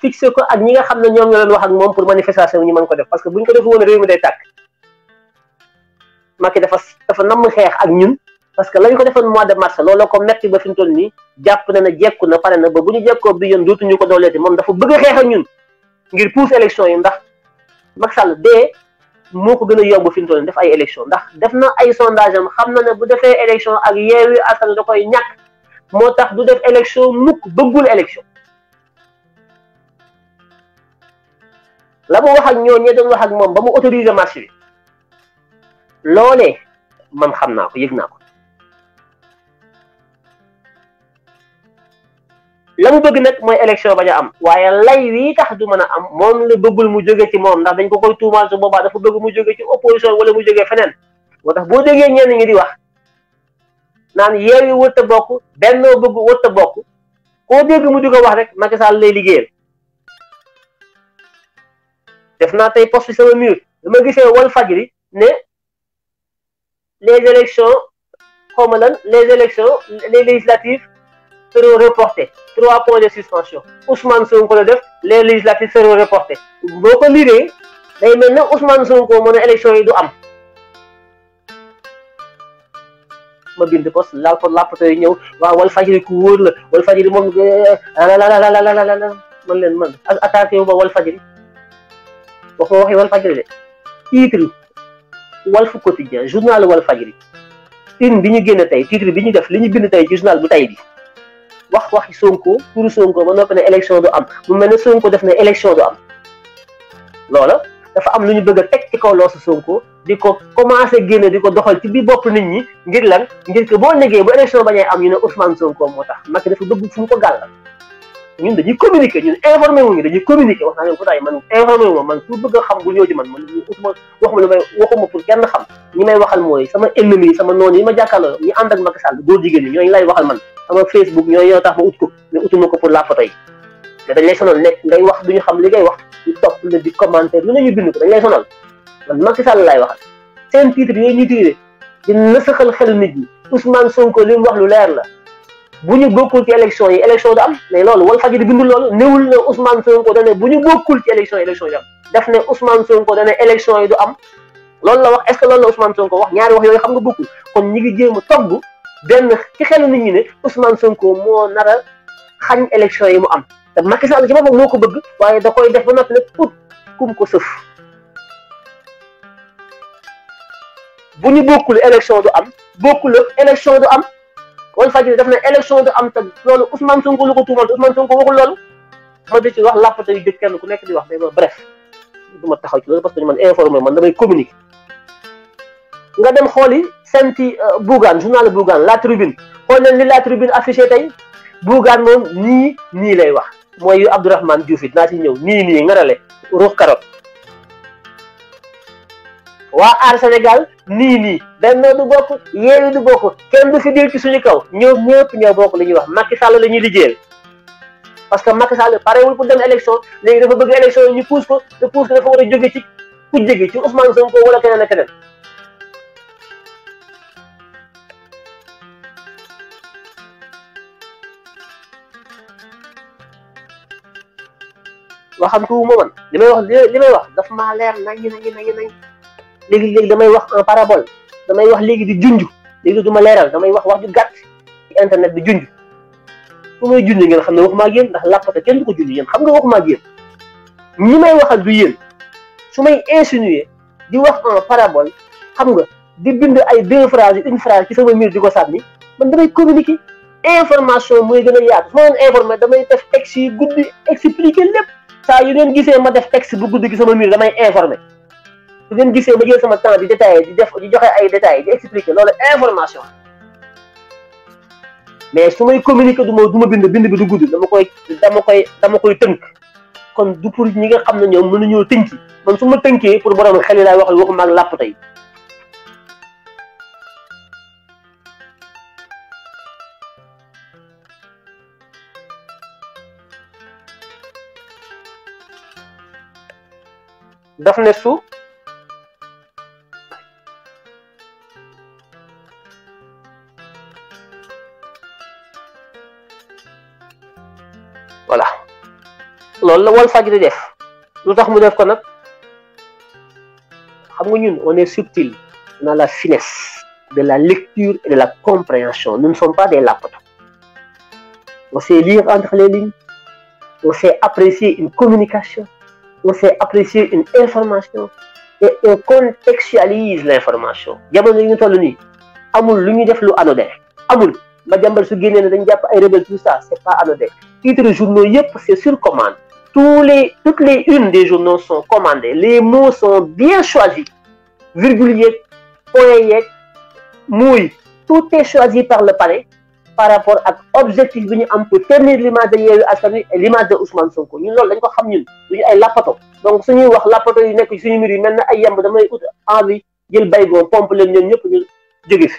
fixé ko ak ñi nga xam ne ñoom ñoo leen wax ak moom pour manifestation bi ñu mën ko def parce que buñ ko def woon dafa dafa namm xeex ak ñun parce que lañ ko defoon mois de mars looloo ko metti ba fi mu toll nii jàpp na ne jekku na pare na ba bu ñu jekkoo bi yoon dootuñu ko dooleeti moom dafa bëgg a xeex ak ñun ngir pousse élection yi ndax Macky Sall dee moo ko gën a yomb fi mu toll nii def ay élection ndax def na ay sondage am xam na ne bu defee élection ak Yewwi Askan da koy ñàkk moo tax du def élection mukk bëggul élection la mu wax ak ñoo ñe doon wax ak moom ba mu autoriser marché bi loolee man xam naa ko yëg naa ko la mu bëgg nag mooy élection bañ a am waaye lay wi tax du mën a am moom la bëggul mu jóge ci moom ndax dañ ko koy tuumaal su boobaa dafa bëgg mu jóge ci opposition wala mu jóge feneen moo tax boo déggee ñenn ñi di wax naan yeewi wëtt a bokk bennoo bëgg wëtt a bokk koo dégg mu di wax rek Macky Sall lay liggéeyal def naa tey post sama mur bi ma gisee wal fajri ne les élections xawma lan les élections les législatives seront reportées trois points de suspension Ousmane Sonko la def les législatives seront reportées boo ko liree day mel ne Ousmane Sonko moo ne yi du am ma bind post laal la làppato yi ñëw waaw wal fajri ku wóor la wal fajri moom eh, la la la leen man attaqué wu ma wal fajri waxuma waxi Walfadjri de titre Walf Quotidien journal Walfadjri une bi ñu génn tey titre bi ñu def li ñu bind tey ci journal bu tey bi wax waxi Sonko pour Sonko ba noppi ne élection du am mu mel ne Sonko def na élection du am loola dafa am lu ñu bëgg teg ci kaw loosu Sonko di ko commencé génn di ko doxal ci biir bopp nit ñi ngir lan ngir que boo négee bu élection bañee am ñu ne Ousmane Sonko moo tax Macky dafa bëgg fu mu ko gàll. ñun dañuy communiqué ñun informé wu ñu dañuy communiquer wax naa leen ko daay man informé wu ma man pour bëgg a xam bu ñëw ci man man yi ma jàkkaarloo ñu ànd ak Macky Sall góor jigéen ñi ñooñu lay waxal Facebook ñooy ñoo tax ma ut ko mais utuma ko pour la photo yi mais dañ lay sonal nekk ngay wax duñu xam li ngay wax di topp la di commentaire lu ne ñu bind ko dañ lay sonal man Macky Sall laay waxal seen titre yooyu ñuy tiire di nasaxal xel nit ñi Ousmane Sonko li wax lu leer la bu ñu bokkul ci élection yi élection du am mais loolu wal fajiri bindul loolu néewul ne Ousmane Sonko dane bu ñu bokkul ci élection élection yi am daf ne Ousmane Sonko dane élection yi du am loolu la wax est ce que loolu la Ousmane Sonko wax ñaari wax yooyu xam nga bokkul kon ñi ngi jéem a togg benn ci xelu nit ñi ne Ousmane Sonko moo nar a xañ élection yi mu am te Macky Sall ci boppam moo ko bëgg waaye da koy def ba noppi nag ut kum ko sëf bu ñu bokkul élection du am bokkul élection du am Walfadjri def na élection du am te loolu Ousmane Sonko lu ko tuumal te Ousmane waxul loolu ma di ci wax làppata yu jóg kenn ku nekk di wax mais ba bref du ma taxaw ci loolu parce que man informé man damay communiquer nga dem xooli senti euh, Bougane journal Bougane La Tribune xool leen li La Tribune affiché tey Bougane moom nii nii lay wax mooy yu Abdourahmane Diouf it naa ci ñëw nii nii nga ruux karot waa aar Sénégal nii nii Benno du bokk Yewwi du bokk kenn du fi diir ci suñu kaw ñoom ñëpp ñoo bokk li ñuy wax Macky Sall la ñuy liggéeyal parce que Macky Sall parewul pour dem élection léegi dafa bëgg élection ñu pousse ko te pousse ko dafa war a jóge ci ku jóge ci Ousmane Sonko wala keneen ak keneen. waxam tuuma man li may wax li may wax dafa maa leer nañ nañ nañ nañ. léegi-léegi damay wax en parabole damay wax léegi di junj léegi du ma leeral damay wax wax ju gàtt ci internet bi junj su may junj ngeen xam ne waxuma ak yéen ndax làppata kenn du ko junj yéen xam nga waxuma ak yéen ñi may waxal du yéen su may insinuer di wax en parabole xam nga di bind ay deux phrases ci sama mur di ko sànni man damay communiquer information mooy gën a yaatu su ma leen informé damay def texte yi guddi expliquer lépp saa yu ngeen gisee ma def texte bu guddi gi sama mur damay informé bu neen gisee ma jël sama temps di détaillé di def di joxe ay détails di expliqué loolu information mais su may communiqué du ma du ma bind bind bi du gudd dama koy dama koy dama koy tënk kon du pour ñi nga xam ne ñoom mënuñoo tënki man su ma tënkee pour borom xel yi laay waxal waxuma ak làpp tey daf ne su voilà loolu la Walfadjri def lutax mu def ko xam nga ñun on est subtil on la finesse de la lecture et de la compréhension nous ne sommes pas des lapins. on sait lire entre les lignes on sait apprécier une communication on sait apprécier une information et on contextualise l'information jamono ñu toll ni amul lu ñu def lu anodin amul jambal su génnee ne dañ jàpp ay rebelle tout ça c' est pas anodin titre journaux yépp c' est sur commande tous les toutes les unes des journaux sont commandées les mots sont bien choisis virgule yeeg point yeeg tout est choisi par le palais par rapport ak objectif bi ñu am pour tenir l'image de Yewwi Askan Wi l'image de Ousmane Sonko ñun loolu dañ ko xam ñun duñu ay lappato donc suñuy wax lappato yu nekk suñu mur yi mel na ay yemb damay ut envie jël baygon pompe leen ñoom ñëpp ñu jóge fi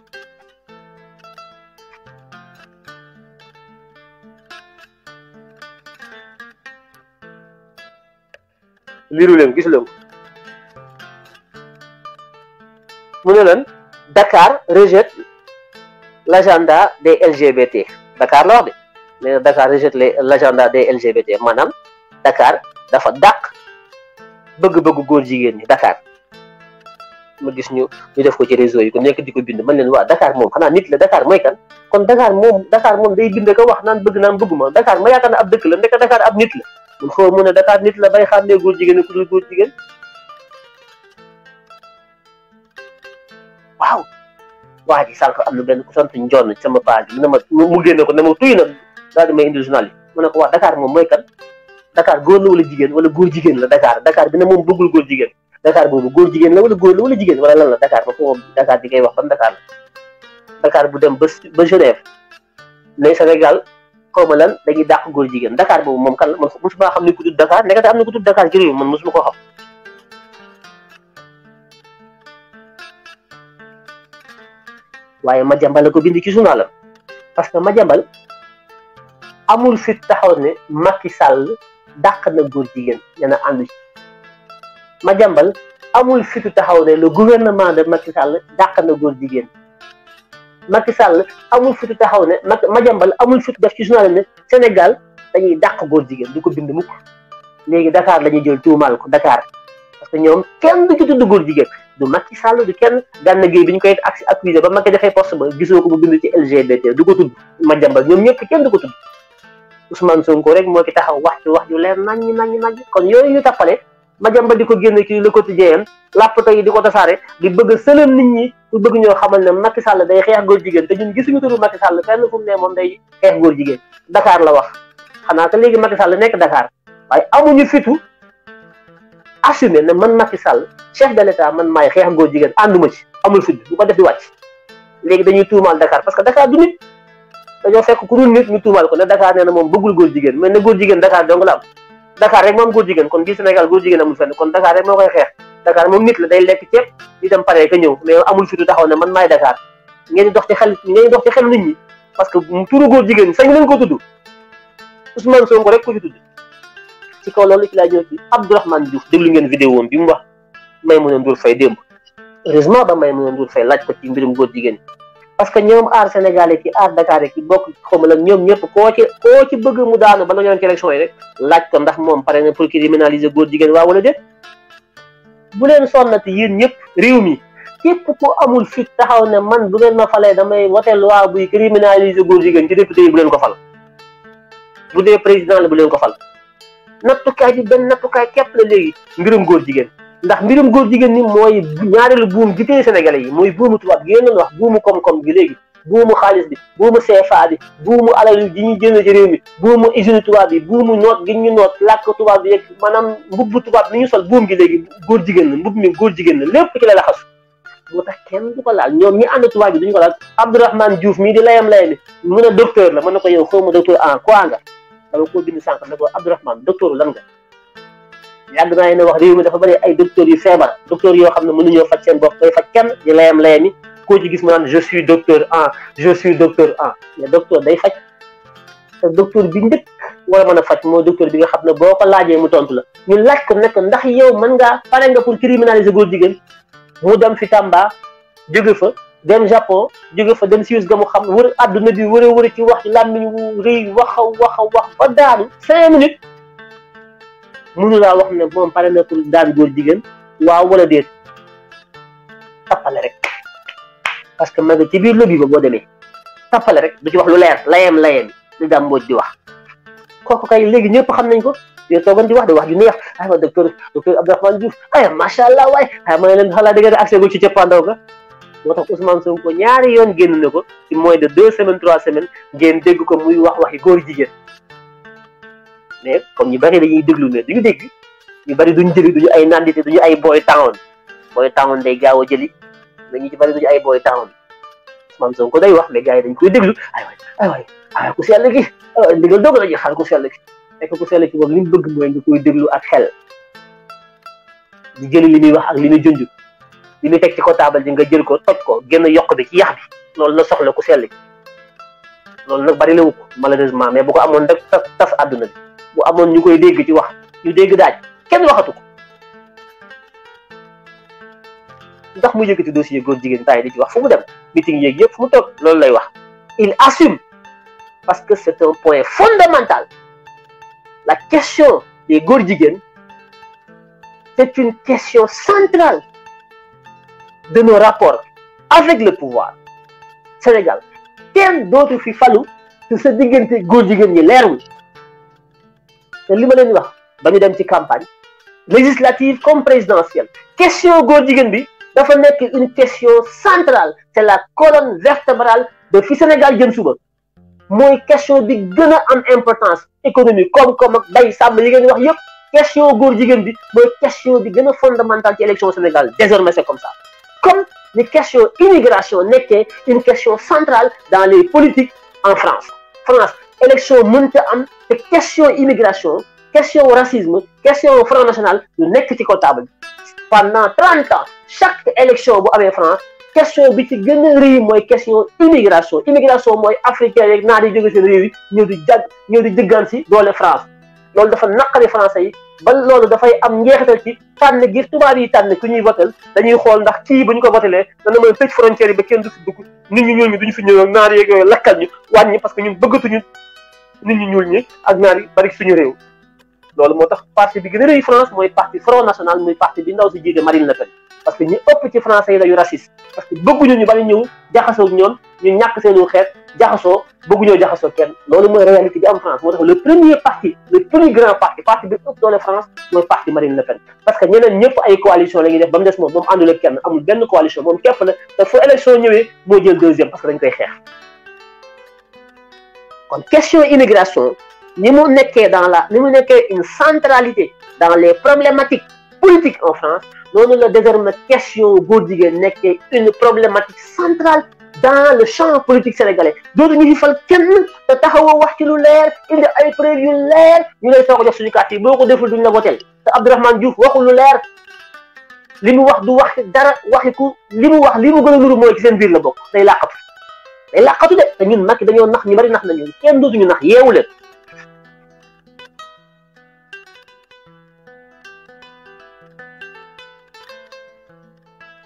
liru leen gis leen mu ne leen Dakar rejette l' agenda des LGBT Dakar la wax de mais Dakar rejette la agenda de LGBT maanaam Dakar dafa dàq bëgg-bëgg góor jigéen ñi Dakar ma gis ñu ñu def ko ci réseau yi ko nekk di ko bind man leen waa Dakar moom xanaa nit la Dakar mooy kan kon Dakar moom Dakar moom day bind ko wax naan bëgg naan bëgguma Dakar ma yaakaar ne ab dëkk la ndeka Dakar ab nit la. il faut mu ne Dakar nit la bay xàmmee góor jigéen ku dul góor jigéen waaw waa ji sànq am na benn ku sant njoon sama page bi na ma mu génne ko na ma tuy na daal di may yi mu ne ko wax Dakar moom mooy kan Dakar góor la wala jigéen wala góor jigéen la Dakar Dakar bi ne moom bëggul góor jigéen Dakar boobu góor jigéen la wala góor la wala jigéen wala lan la Dakar ba foofu Dakar bi ngay wax ban Dakar la bu dem ba ba Genève ne Sénégal xaw ma lan dañuy dàq góor jigéen dakaar boobu moom kan la man mosuma xam ni ku tudd Dakar nekkate am na ku tudd Dakar ci réew man mosuma koo xam. waaye Madiambal la ko bind ci journal parce que Madiambal amul fitt taxaw ne Macky Sall dàq na góor jigéen dana ànd ci Madiambal amul fitu taxaw ne le gouvernement de Macky Sall dàq na góor jigéen. Macky Sall amul futu taxaw ne ma Madiambal amul futu def ci journal ne Sénégal dañuy dàq góor jigéen du ko bind mukk léegi Dakar la ñuy jël tuumaal ko Dakar parce que ñoom kenn du ci tudd góor jigéen du Macky Sall du kenn gànna géey bi ñu koy accusé ba Macky defee poste ba gisoo ko mu bind ci LGBT du ko tudd Madiambal ñoom ñëpp kenn du ko tudd Ousmane Sonko rek moo ki taxaw wax ci wax ju leer naññ naññ naññ kon yooyu ñu tappale Madiambal di ko génne ci Le Quotidien làppto yi di ko tasaare di bëgg a sëlal nit ñi pour bëgg ñoo xamal ne Macky Sall day xeex góor jigéen te ñun gisuñu turu Macky Sall fenn fu mu ne moom day xeex góor jigéen Dakar la wax xanaa que léegi Macky Sall nekk Dakar waaye amuñu fitu assumé ne man Macky Sall chef de l'état man maay xeex góor jigéen ànduma ci amul fit bu ko def di wàcc léegi dañuy tuumaal Dakar parce que Dakar du nit dañoo fekk ku dul nit na moom bëggul góor jigéen mais ne góor jigéen Dakar Dakar rek moom góor jigéen kon bii Sénégal góor jigéen amul fenn kon Dakar rek moo koy xeex Dakar moom nit la day lekk ceeb di dem pare ka ñëw mais amul fitu taxaw ne man maay Dakar ngeen di dox ci xel ngeen di dox ci xel nit ñi parce que turu góor jigéen sañ leen ko tudd Ousmane Sonko rek ko ci ci kaw loolu ci laa ñëw ci Abdourahmane Diouf déglu ngeen vidéo am bi mu wax Maimouna Ndour Faye démb heureusement ba Maimouna Ndour Faye laaj ko ci mbirum góor jigéen parce que ñoom aar Sénégal yi ci aar Dakar yi ci bokk ñoom ñëpp koo ci koo ci bëgg mu daanu ba la ñoon ci élection yi rek laaj ko ndax moom pare na pour criminaliser góor jigéen waa wala déet bu leen sonnati yéen ñëpp réew mi képp ko amul fit taxaw ne man bu ngeen ma falee damay wote loi buy criminaliser góor jigéen ci dépp yi bu leen ko fal bu dee président la bu leen ko fal nattukaay bi benn nattukaay képp la léegi mbirum góor jigéen ndax mbirum góor jigéen ni mooy ñaareelu buum gi tey yi mooy buumu tubaab gi ngeen wax buumu koom-koom gi léegi buumu xaalis bi buumu CFA bi buumu alal ji ñuy jënd ci réew mi buumu usine tubaab bi buumu noot gi ñu noot bi yeeg maanaam mbubbu tubaab ñu sol buum gi léegi góor jigéen na mbubb mi góor jigéen la lépp ci la la xasu moo tax kenn du ko laal ñoom ñi ànd tubaab bi duñu ko laal Abdourahmane Diouf mii di layam layami mu ne docteur la mën na ko yow xaw ma docteur en quoi nga dama koo bind sànq ne ko Abdourahmane docteur yàgg naa ne wax réew mi dafa bëri ay docteurs yu feebar docteurs yoo xam ne mënuñoo faj seen bopp koy faj kenn ñu layam layam yi koo ci gis mu naan je suis docteur en je suis docteur en mais day faj te docteur bi njëkk man a mën a faj mooy docteur bi nga xam ne boo ko laajee mu tontu la ñu laaj ko nekk ndax yow man ngaa pare nga pour sa góor jigéen mu dem fi Tamba jóge fa dem Japon jóge fa dem Suisse ga mu xam war adduna bi wër a wër ci wax ci làmmiñ wu wax a wax a wax mënu laa wax ne moom pare na pour daan góor jigéen waaw wala déet tappale rek parce que ma nga ci biir lobby ba boo demee tappale rek du ci wax lu leer layem layem li daam mbooj di wax kooku kay léegi ñëpp xam nañ ko yooyu toogoon di wax de wax ju neex aywa docteur docteur Abdourahmane Diouf ay macha allah waay ay ma ne leen xalaat da ngeen accès gu ci cappaandaw ga moo tax Ousmane Sonko ñaari yoon génn na ko ci moins de deux semaines trois semaines ngeen dégg ko muy wax waxi góor jigéen mais comme ñu bari dañuy déglu mais duñu dégg ñu bari duñu jëli duñu ay nandite duñu ay boy town boy town day gaaw a jëli mais ñu ci bari duñu ay boy town Ousmane Sonko day wax mais gars yi dañ koy déglu ay ku sell ki ay ndigal doog la ñu xal ku sell ki fekk ku ki moom li mu bëgg mooy nga koy déglu ak xel ñu jëli li muy wax ak li muy junj li muy teg ci ko taabal ji nga jël ko toj ko génn yokk bi ci yax bi loolu la soxla ku sell ki loolu nag bari la wu ko malheureusement mais bu amoon rek tas tas àdduna bu amoon ñu koy dégg ci wax ñu dégg daaj kenn waxatu ko ndax mu yëkkati dossier góor jigéen taay di ci wax fu mu dem meeting yeeg yëpp fu mu toog loolu lay wax il assume parce que c'est un point fondamental la question des góor jigéen c'est une question centrale de nos rapports avec le pouvoir Sénégal kenn dootu fi falu te sa diggante góor jigéen ñi leerul te li ma leen wax campagne législative comme présidentielle question góor jigéen bi dafa une question centrale c'est la colonne vertébrale de fi Sénégal jëm suba question bi gën a am importance économique comme comme ak bay sàmm li ngeen wax question góor jigéen bi mooy question bi gën a fondamentale ci Sénégal désormais c'est comme ça comme les questions immigration nekkee une question centrale dans les politiques en France France élection mënta am te question immigration question racisme question front national yu nekk ci comptable bi pendant trente ans chaque élection bu amee France question bi ci gën a rëy mooy question immigration immigration mooy africain yeeg naa di jóge seen réew yi ñëw di jag ñëw di jëggaan si doole France loolu dafa naqari français yi ba loolu dafay am njeexital ci tànn gi tubaab yi tànn ku ñuy votel dañuy xool ndax kii bu ñu ko votelee dana mooy tëj frontière yi ba kenn du fi dugg nit ñi ñooñu duñu nit ñu ñuul ñi ak naar yi bari suñu réew loolu moo tax parti bi gën a rëy France mooy parti Front National muy parti bi ndaw si jiite Marine Le Pen parce que ñi ëpp ci français yi yu raciste parce que bëgguñu ñu bari ñëw jaxasoo ñoon ñu ñàkk seenu xeet jaxasoo bëgguñoo jaxasoo kenn loolu mooy réalité bi am France moo tax le premier parti le premier grand parti parti bi ëpp doole France mooy parti Marine Le Pen parce que ñeneen ñëpp ay coalition la ngi def ba mu des moom moom àndul kenn amul benn coalition moom képp la te fu élection ñëwee moo jël deuxième parce que dañ koy xeex question immigration ni mu nekkee dans la ni mu nekkee une centralité dans les problématiques politiques en France noonu la désormais question góor jigéen nekkee une problématique centrale dans le champ politique sénégalais dootu ñu fi fal kenn te taxawoo wax ci lu leer indi ay preuve yu leer ñu lay soog a jox suñu carte yi boo ko deful duñ la votel te Abdourahmane Diouf waxul lu leer li wax du wax dara waxi ku li mu wax li mu gën ci seen biir la bokk day làqatu la laqatu de te ñun Macky dañoo nax ñi bari nax nañu kenn dootuñu nax yeewu leen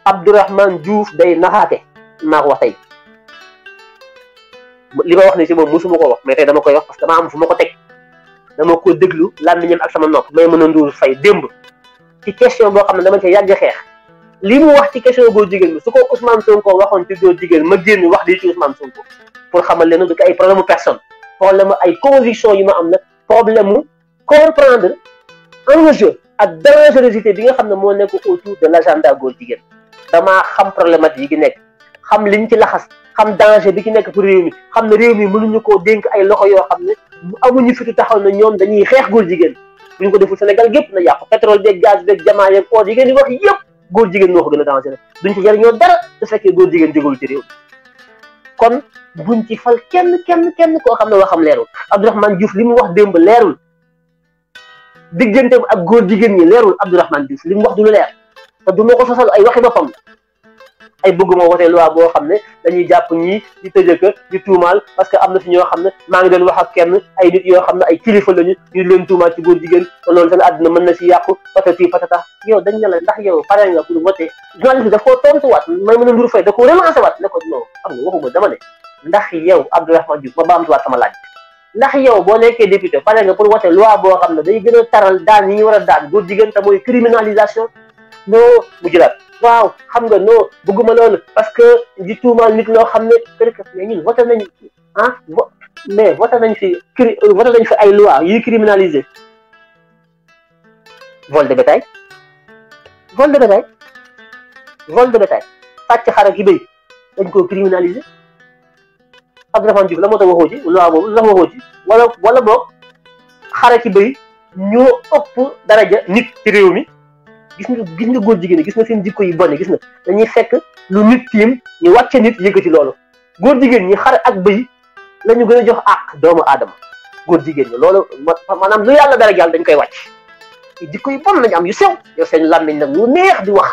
Abdourahmane juuf day naxaate maa ko wax tey li ma wax ni si moom musuma ko wax mais tey dama koy wax parce que dama am fu ma ko teg dama ko la làmmiñam ak sama nopp may mën a nduur fay démb ci question boo xam ne dama cee yàgg xeex li mu wax ci question góor jigéen bi su ko Ousmane Sonko waxoon ci góor jigéen ma génn wax lii ci Ousmane Sonko pour xamal leen du ko ay problème mu personne problème ay conviction yu ma am na problème mu comprendre enjeu ak dangerosité bi nga xam ne moo nekk autour de l' agenda góor jigéen damaa xam problématique yi nekk xam liñ ci laxas xam danger bi ci nekk pour réew mi xam ne réew mi mënuñu koo dénk ay loxo yoo xam ne amuñu fitu taxaw na ñoom dañuy xeex góor jigéen bu ñu ko deful Sénégal gépp góor jigéen ñoo ko gën a dangereux duñ ci jariñoo dara su fekkee góor jigéen jógul ci réew kon buñ ci fal kenn kenn kenn koo xam ne waxam leerul Abdourahmane Diouf li mu wax démb leerul digganteem ak góor jigéen ñi leerul Abdourahmane Diouf li mu wax du lu leer te du ma ko sosal ay waxi boppam ay bëgguma wote loi boo xam ne dañuy jàpp ñii di tëjëka di tuumaal parce que am na fi ñoo xam ne maa ngi doon wax ak kenn ay nit yoo xam ne ay kilifa lañu ñu leen tuumaal ci góor jigéen te na si yàqu patati patata yow dañ ne la ndax yow pare nga pour wote journaliste bi daf koo a ndur boo xam ne day gën a taral daan yi mooy criminalisation no mu waaw xam nga non bëgguma loolu parce que di tuumaal nit loo xam ne peut-être mais ñun voté nañ ah mais nañ fi cri voté nañ fi ay loi yuy criminaliser vol de bétail vol de bétail vol de bétail sàcc xar ak yi béy dañ koo criminaliser Abdourahmane Diouf la moo tax waxoo ci loi boobu la waxoo ci wala wala boog xar ak yi ñoo ëpp daraja nit ci réew mi gis nga gis nga góor jigéen gis na seen jikko yi bone gis nga dañuy fekk lu nit tiim ñu wàcce nit yëkkati loolu góor jigéen ñi xar ak bëy la ñu gën a jox àq doomu aadama góor jigéen ñi loolu maanaam lu yàlla dara yàlla dañ koy wàcc jikko yi bon lañu am yu sew yow seen làmmiñ nag lu neex di wax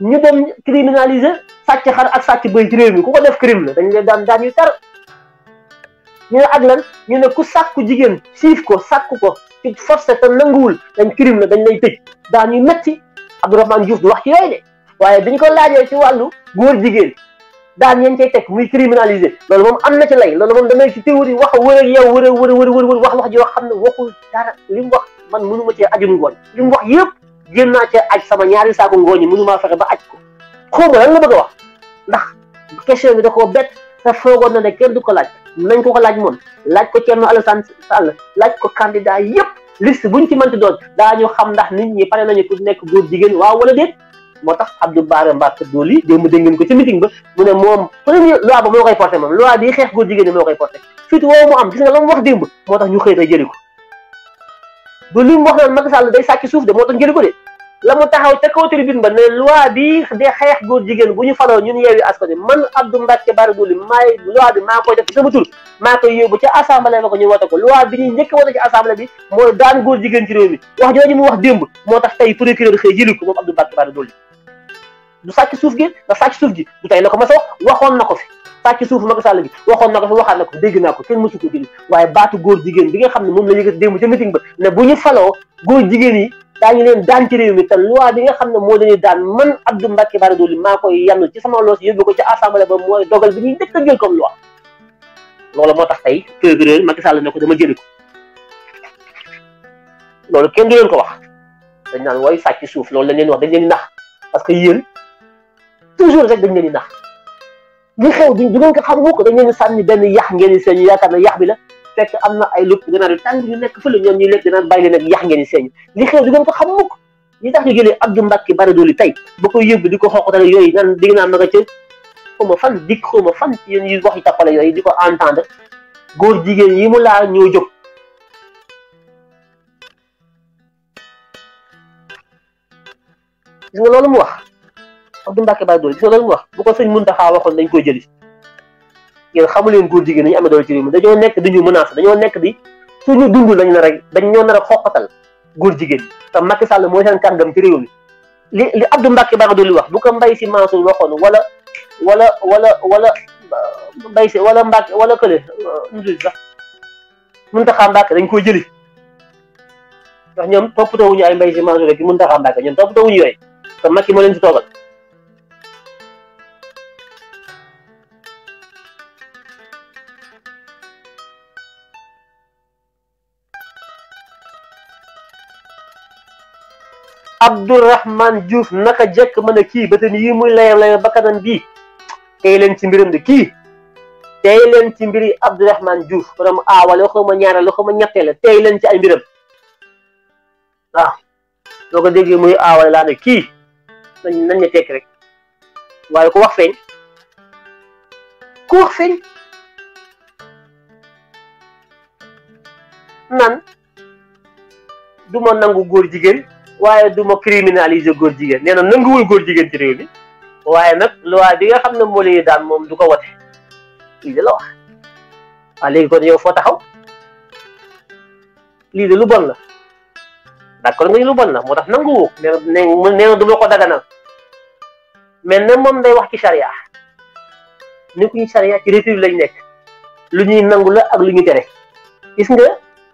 ñu dem criminaliser sàcc xar ak sàcc bëy ci réew mi ku ko def crime la dañ daan daan yu tar ñu ne ak lan ñu ne ku sàkku jigéen siif ko sàkku ko ci forcé te nanguwul dañ crime la dañ lay tëj daa ñuy métti Abdourahmane Diouf du wax ci yooyu de waaye biñ ko laajee ci wàllu góor jigéen daan yeen cay teg muy criminalisé loolu moom am na ci lay loolu moom damay ci théorie wax wër ak yow wër wër wër wër wax wax joo xam ne waxul dara li mu wax man mënu ma cee ajum ngooñ li mu wax yëpp jéem naa cee aj sama ñaari saako ngooñ yi mënu maa fexe ba aj ko xaw ma lan la bëgg ndax question bi da koo bett te foogoon na ne kenn du ko laaj nañ ko ko laaj moom laaj ko Thierno Alassane Sall laaj ko candidat yëpp liste buñ ci mënti doon daañu xam ndax nit ñi pare nañu ku nekk góor jigéen waaw wala déet moo tax Abdou Bara Mbacké Dolly démb dégg ko ci meeting ba mu ne moom premier loi ba moo koy porté moom loi bi xeex góor jigéen ñi moo koy porté fit woowu mu am gis nga la mu wax démb moo tax ñu xëy tey jëli ko mu wax naan Macky Sall day sàcc suuf de moo tax jëli de la mu taxaw ca kaw tribune ba ne loi bi de xeex góor jigéen bu ñu faloo ñun yeewi askan wi man Abdou Mbacke Bara Dolly maay loi bi maa koy def sama tur maa koy yóbbu ca assemblée ba ko ñu wote ko loi bi ñuy njëkk wote ci assemblée bi mooy daan góor jigéen ci wax jooju mu wax démb moo tax tey procureur xëy jëli ko moom Abdou Mbacke tey la ko ma waxoon na ko fi sàcc suuf Macky Sall gi waxoon na ko fi waxaat na ko fi dégg naa ko kenn mësu ko jëli waaye baatu góor jigéen bi nga xam ne moom la yëkkati démb ca meeting ba ne daañu leen daan ci réew mi te loi bi nga xam ne moo leen di daan man Abdou Mbacke Bara Dolly maa koy yenn ci sama loos yóbbu ko ci assemblée ba mooy dogal bi ñuy dëkk a jël comme loi loolu moo tax tey février Macky Sall ne ko dama jëli ko loolu kenn du leen ko wax dañ naan wooy sàcc suuf loolu lañ leen wax dañ leen di nax parce que yéen toujours rek dañ leen di nax li xew du ngeen ko xam mukk dañ leen di sànni benn yax ngeen di seen yaakaar ne yax bi la fekk am na ay lupp ganaar yu tàng yu nekk fële ñoom ñuy lekk ganaar bàyyi leen ak yax ngeen di seeñ li xew di ngeen ko xam mukk ñi tax ñu jëlee Abdou Mbacke Bara Dolly tey ba koy yóbbu di ko xooqatale yooyu naan di nga naan ma nga ca xuma fan dikk xuma fan yéen wax yi tappale yooyu di ko entendre góor jigéen yi mu laal ñoo jóg gis nga loolu mu wax Abdou Mbacke Bara Dolly gis nga loolu mu wax bu ko sëñ Muntaxa waxoon dañ koy jëli yéen xamu leen góor jigéen nañu amee doole ci réew dañoo nekk di ñu menace dañoo nekk di suñu dund lañ la rek dañ ñoo nar a xoqatal góor jigéen te Macky Sall mooy seen kàngam ci réew mi li li Abdou Mbacke Bara Dolly wax bu ko Mbaye Sy Mansour waxoon wala wala wala wala euh, Mbaye wala Mbacke wala kële euh, ndul sax Mountakha Mbacke dañ koy jëli ndax ñoom toppatoo wuñu ay Mbaye Sy Mansour rek Mountakha Mbacke ñoom toppatoo wuñu yooyu te ki moo leen si toogal Abdourahmane Diouf naka jekk mën a kii bëtan yi muy layal layal ba kanam bii tey leen ci mbiram di kii tey leen ci mbiri Abdourahmane Diouf borom a waxuma ñaareel waxuma ñetteele tey leen ci ay mbiram waaw loo ko déggee muy aawale laa ne kii nañ ne tekk rek waaye ku wax feeñ ku wax feeñ nan du nangu góor jigéen waaye du ma criminaliser góor jigéen nee na nanguwul góor jigéen ci réew mi waaye nag loi bi nga xam ne moo lay daan moom du ko wote lii de la wax waaw léegi kon yow foo taxaw de lu bon la d'accord nga ñu lu bon la moo tax nanguwoo nee na nee na du ma ko daganal mais ne moom day wax ci charia ni ku ñu charia ci république lañ nekk lu ñuy nangu la ak lu ñuy tere gis nga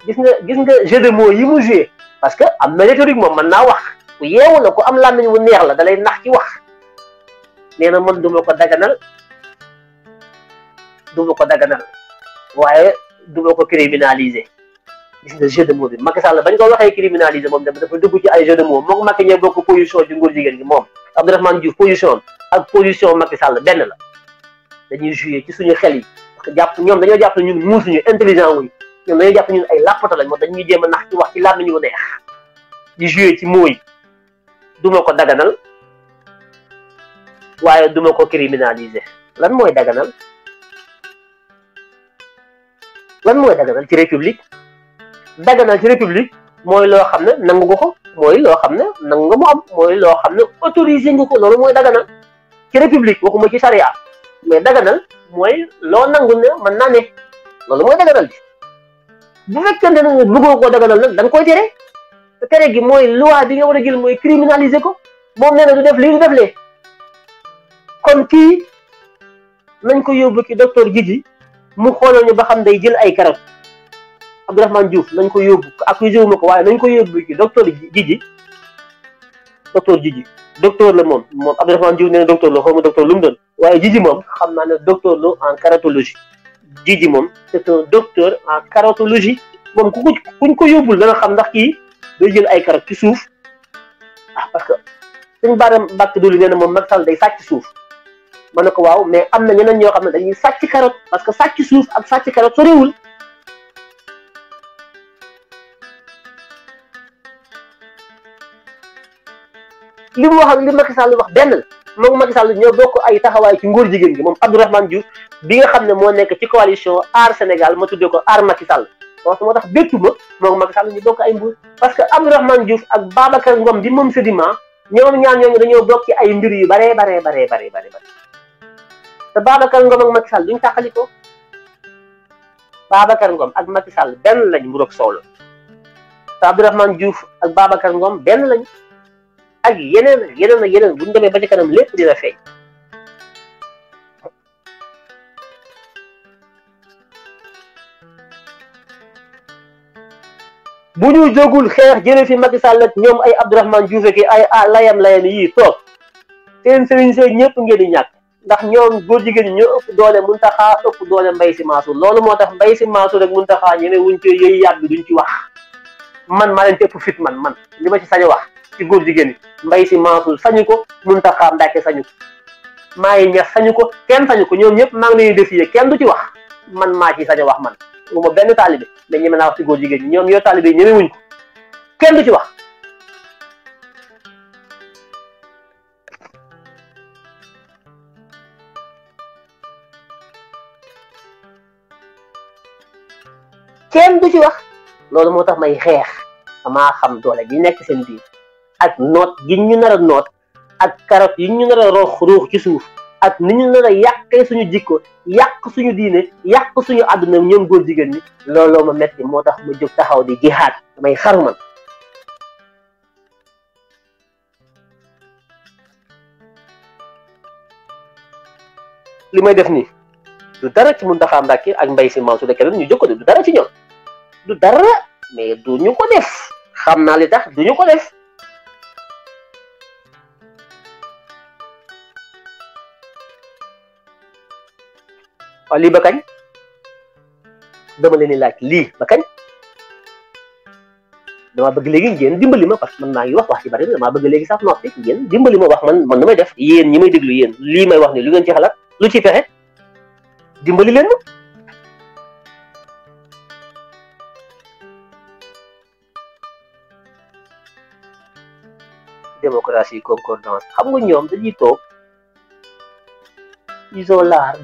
gis nga gis nga jeu de mots yi mu joué parce que am na rhétorique moom man naa wax ku yeewu la ku am làmmiñ wu neex la dalay nax ci wax nee na man duma ko daganal duma ko daganal waaye duma ko criminaliser gis nga jeu de mots bi Macky Sall bañ ko waxee criminaliser moom dafa dugg ci ay jeu de mots moom Macky ñoo bokk position ci nguur jigéen gi moom Abdourahmane Diouf position ak position Macky Sall benn la dañuy jouer ci suñu xel yi parce que jàpp ñoom dañoo jàpp ne ñun ñu intelligent wuñ ñoom dañuy jàpp ñun ay làppato lañ moo dañ ñuy jéem a nax ci wax ci laaj nañu neex di joué ci mooy duma ko daganal waaye duma ko criminaliser lan mooy daganal lan mooy daganal ci république daganal ci république mooy loo xam ne nangu nga ko mooy loo xam ne nangu nga mu am mooy loo xam ne autorisé nga ko loolu mooy daganal ci république waxuma ci charia mais daganal mooy loo nangu ne mën naa ne loolu mooy daganal bi bu fekkente ne nga bëggoo koo daganal nag da nga koy tere te gi mooy loi bi nga war a jël mooy criminaliser ko moom nee na du def lii du def lee kon kii nañ ko yóbbu ki docteur Jiji mu xoolal ñu ba xam day jël ay garab Abdourahmane Diouf nañ ko yóbbu accusé wu ma ko waaye nañ ko yóbbu ki docteur Jiji docteur Jiji docteur la moom moom Abdourahmane Diouf nee na docteur la xaw ma docteur lu mu doon waaye Jiji moom xam naa ne docteur la en caratologie Djidji moom c'est un docteur en carottologie moom ku ko kuñ ko yóbbul dana xam ndax kii day jël ay carottes ci suuf ah parce que suñ baaram bàkk doolu nee na moom Macky Sall day sàcc suuf ma ne ko waaw mais am na ñeneen ñoo xam ne dañuy sàcc carotte parce que sàcc suuf ak sàcc carotte sorewul li li Macky Sall wax benn moom Macky Sall ñoo bokk ay taxaway ci nguur jigéen gi moom Abdourahmane Diouf bi nga xamne mo moo nekk ci coalition ar senegal ma tuddé ko ar Macky Sall wax mo tax béttu ma mo Macky Sall ñu bokk ay mbuur parce que Abdourahmane Diouf ak Babacar Ngom bi mom Sedima ñoom ñaan ñoo dañoo bokk ci ay mbir yu bare bare bare bare bare bare te Babacar Ngom ak Macky Sall duñ tàqali ko Babacar Ngom ak Macky Sall benn lañ mu roog solo la Diouf ak Babacar Ngom ben lañ ak yeneen yeneen yeneen bu ñu demee ba ci kanam lépp dina feeñ bu ñu jógul xeex jëlee fi Macky Sall ñoom ay Abdourahmane Diouf ak ay layam layam yii toog seen sëriñ see ñëpp ngeen di ñàkk ndax ñoom góor jigéen ñi ñoo ëpp doole Mountakha ëpp doole mbay Sy Mansour loolu moo tax Mbaye Sy Mansour rek Mountakha ñeme wuñ ci yooyu yàgg duñ ci wax man maa leen ci ëpp fit man man li ma ci sañ wax. ci góor jigéen yi mbay si Mansour sañu ko Mountakha Mbacké sañu ko Maye Niass sañu ko kenn sañu ko ñoom ñëpp maa ngi leen di défier kenn du ci wax man maa ci sañu wax man lu ma benn taalibe mais ñeme naa wax ci góor jigéen ñi ñoom yoo taalibe yi ñeme wuñ ko kenn du ci wax kenn ci wax loolu moo tax may xeex damaa xam doole bi nekk seen biir ak not gi ñu nara a ak karaf yi ñu nara a rox ci suuf ak ni ñu nara a yàqee suñu jikko yàq suñu diine yàq suñu àdduna ñoom góor jigéen ñi looloo ma metti moo tax ma taxaw di jihaat may xaru man li may def ni du dara ci mun taxaa mbàkke ak mbay si Mansour de ñu ko du dara ci ñoom du dara mais du ko def xam li tax du ko def waaw ba kañ dama leen di laaj lii ba kañ dama bëgg léegi ngeen dimbali ma parce que man maa ngi wax wax ci bari damaa bëgg léegi sax noppi ngeen dimbali ma wax man man nu may def yéen ñi may déglu yéen lii may wax ni lu ngeen ci xalaat lu ci pexe dimbali leen ma démocratie concordance xam nga ñoom dañuy toog ils ont l'art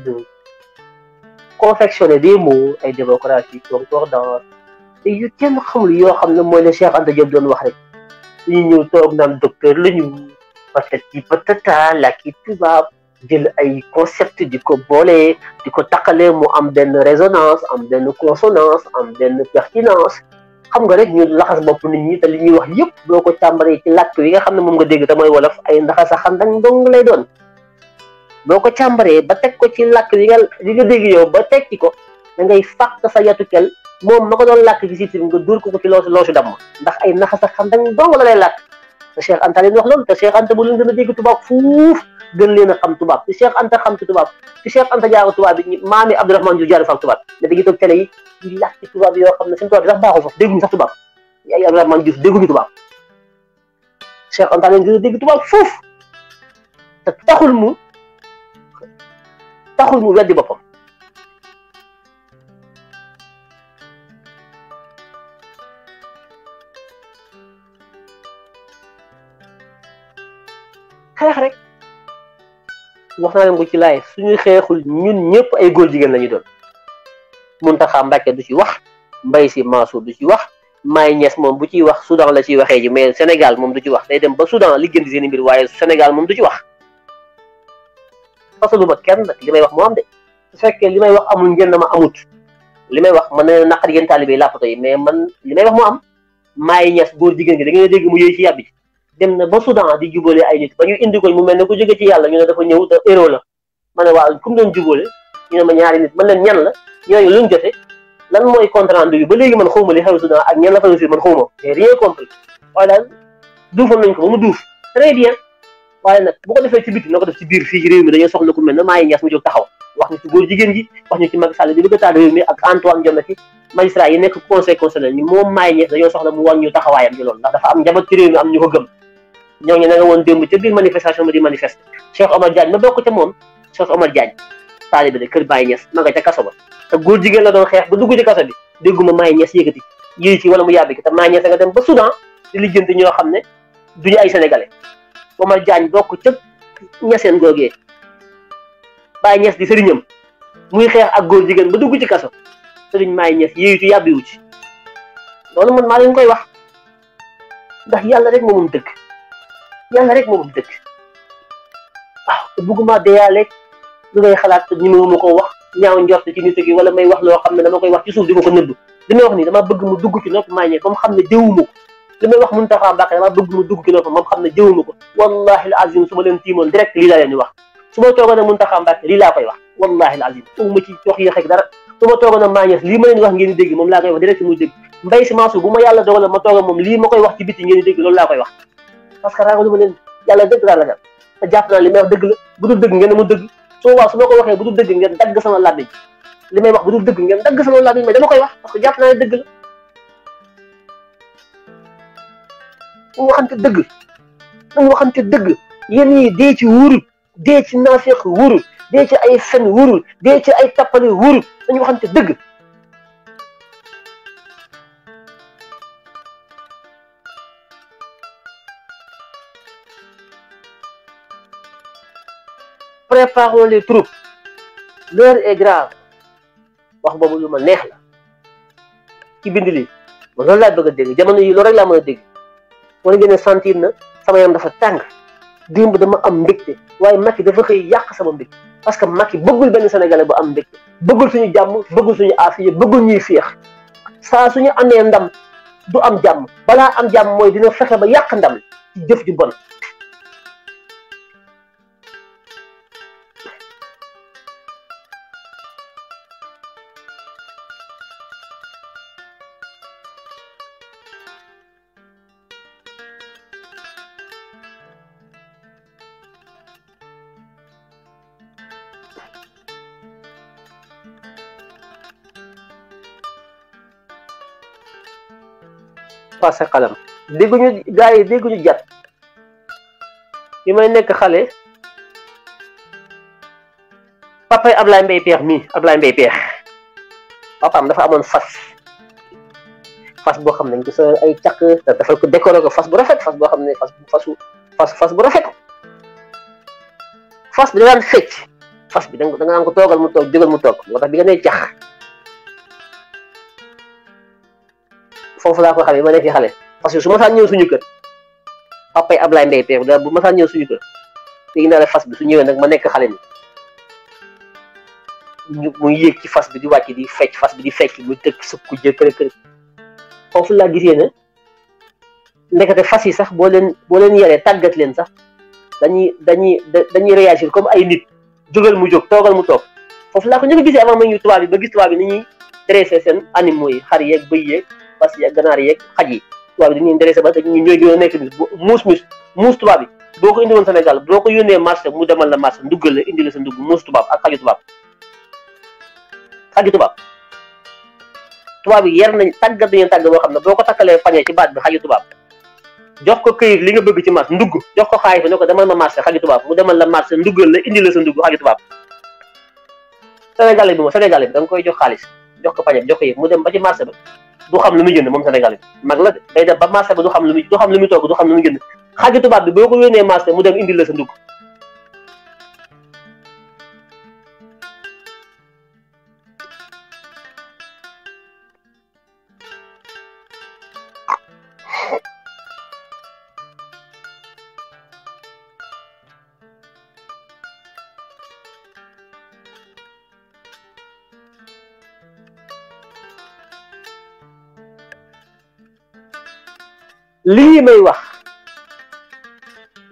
confectionner des mots ay démocratie concordance te yu xam xamul yoo xam ne mooy la Cheikh Anta Diop doon wax rek ñu ñëw toog naan docteur la ñu patati patata làkki tubaab jël ay concept di ko boole di ko taqalee mu am benn résonance am benn consonance am benn pertinence xam nga rek ñu laxas bopp nit ñi te li ñuy wax yëpp boo ko tàmbaree ci làkk wi nga xam ne moom nga dégg te mooy wolof ay ndaxasa xandaŋ dong lay doon boo ko càmbaree ba teg ko ci làkk li nga li nga dégg yow ba teg ci ko da ngay fàq sa yatu kel moom ma ko doon làkk ci du nga duur ko ko ci loosu loosu damm ndax ay naxas ak xam dañ dong la lay làkk te Cheikh Anta leen wax loolu te Cheikh Anta bu leen gën a dégg tubaab fuuf gën leen a xam tubaab te Cheikh Anta xam ci tubaab te Cheikh Anta tubaab bi maami Abdourahmane Diouf jaaru fa ak tubaab da dañuy toog télé yi di làkk tubaab yoo xam ne seen tubaab bi sax baaxul sax dégguñu sax tubaab ay Anta leen gën tubaab fuuf te taxul mu taxul mu weddi boppam xeex rek wax naa leen ko ci laay suñu xeexul ñun ñëpp ay góor jigéen la ñu doon Muntaxa Mbàkke du ci wax Mbay Si Mansour du ci wax Maay Ñas moom bu ci wax Soudan la ciy waxee ji mais Sénégal moom du ci wax day dem ba Soudan li gën di mbir waaye Sénégal moom du ci wax fasalu ma kenn nag li may wax moo am de su fekkee li may wax amul ngeen dama amut li may wax man na naqar yéen taalibe laapato yi mais man li may wax moo am maay ñes góor jigéen gi da ngeen dégg mu yëy ci yàbbi dem na ba Soudan di jubóole ay nit ba ñu indi ko mu mel ne ku jóge ci yàlla ñu ne dafa ñëw da héros la ma ne waaw ku mu doon jubóole ñu ne ma ñaari nit man leen ñan la ñooñu luñ jote lan mooy compte rendu bi ba léegi man xawma li xew Soudan ak ñan la waaye nag bu ko defee ci biti na ko def ci biir fii ci réew mi dañoo soxla ku mel ne Maye Niass mu jóg taxaw wax ñu ci góor jigéen gi wax ñu ci Macky Sall de réew mi ak Antoine Diome ci magistrat yi nekk conseil constitutionnel moom Maye Niass dañoo soxla mu wàññi taxawaayam ci ndax dafa am njaboot ci réew mi am ñu ko gëm ñooñu na nga woon démb ca biir manifestation bi di manifester Cheikh Omar Diagne ma bokk ca moom Cheikh Omar Diagne taalibe de kër Baye Niass ma ca kaso ba te góor jigéen la doon xeex ba dugg ci kaso bi dégguma Maye Niass yëkkati yëy ci dem ba Soudan di lijjanti ñoo xam ne duñu Momar Diagne bokk cëpp ñeseen googee bàyyi ñes di sëriñam muy xeex ak góor jigéen ba dugg ci kaso sëriñ maay ñes yéyitu yàbbiwu ci loolu man maa leen koy wax ndax yàlla rek moomum dëkk yàlla rek moomum dëkk waaw ah, te bëgguma deyaaleeg lu ngay xalaat te ñu ma ko wax ñaaw njort ci nit gi wala may wax loo xam ne dama koy wax ci suuf di ma ko nëbb li may wax nii dama bëgg mu dugg ci nopp maañee comme xam ne déwuma li may wax Mountakha Mbacké damaa bëgg mu dugg ci loolu moom xam ne jëwuma ko wallahi al su ma leen tiimoon direct lii laa wax su ma toogoon ak Mountakha Mbacké lii wax wallahi al azim ma ci wax yéex ma toogoon ak Mañes wax ngeen di dégg moom laa koy wax direct muy dégg mbay si maasu moom lii ngeen di dégg loolu laa koy wax parce que raagalu ma leen yàlla dëgg laa ragal te jàpp naa li dëgg la bu dëgg ngeen mu dëgg su ma su ma ko waxee dañu dëgg dañu waxante dëgg yéen ñii dee ci wurut dee ci naafeq wurut dee ci ay fen wurut dee ci ay tappale wurut dañu waxante dëgg préparons les troupes l'heure est grave wax boobu yu ma neex la ci bind li ma loolu laa bëgg a dégg jamono yi loolu rek laa wala ngeen sentir na sama yaram dafa tàng démb dama am mbégte waaye Macky dafa xëy yàq sama mbig parce que Macky bëggul benn sénégalais bu am mbégte bëggul suñu jàmm bëggul suñu aafiya bëggul ñuy féex saa suñu amee ndam du am jàmm balaa am jàmm mooy dina fexe ba yàq ndam ci jëf ju bon passé xalam dégguñu gaay yi dégguñu jat bi may nekk xale ablay mbey Mbaye Peex mii Ablaye Mbaye Peex am dafa amone fas fas bo xamne ne sa ay càq dafa ko décoré ko fas bu rafet fas bo xamne fas fas fasu fas fas bu rafet fas bi da daan fecc fas bi da nga da ko togal mu tok jógal mu tok motax bi nga ne cax fofu la ko xamee ma nekk xalé parce que suma ma ñew suñu kër papay ablay ndey té da bu ma saan ñëw suñu kër léegi naa la fas bi su ñewé nak ma nekk xalé ni ñu mu yéeg ci fas bi di wacc di fecc fas bi di fecc muy tëkk sukk jël kër kër foofu laa gisee ne ndekete fas yi sax bo leen bo leen yéré tagat leen sax dañuy dañuy dañuy réagir comme ay nit jogal mu jog togal mu tok fofu la ko ñu gisé avant ma ñu tuwa bi ba gis tuwa bi ni ñi dressé sen animaux yi xar yeeg pas ya ganaar yeeg xaj yi tubaab bi dañuy intéressé ba ñu ñoy gën nekk bis mus mus mus tubaab bi boko indi won Sénégal boko yone marché mu demal la marché ndugal la indi la sa ndug mus tubaab ak xaju tubaab xaju tubaab tubaab bi yer nañ tagga nañu tàgg boo xam ne boo ko takkalee ci baat bi xaju tubaab jox ko keuy li nga bëgg ci marché ndug jox ko xaalis ne ko demal ma marché xaju tubaab mu demal la marché ndugal la indi la sa ndug xaju tubaab Sénégalais bi mo Sénégalais bi dang koy jox xaalis jox ko pañe jox yi mu dem ba ci marché ba du xam lu muy jënd moom Sénégal bi mag la de day def ba marché ba du xam lu muy du xam lu muy togg du xam lu muy jënd xaaju tubaab bi boo ko yónnee marché mu dem indil la sa ndugg lii may wax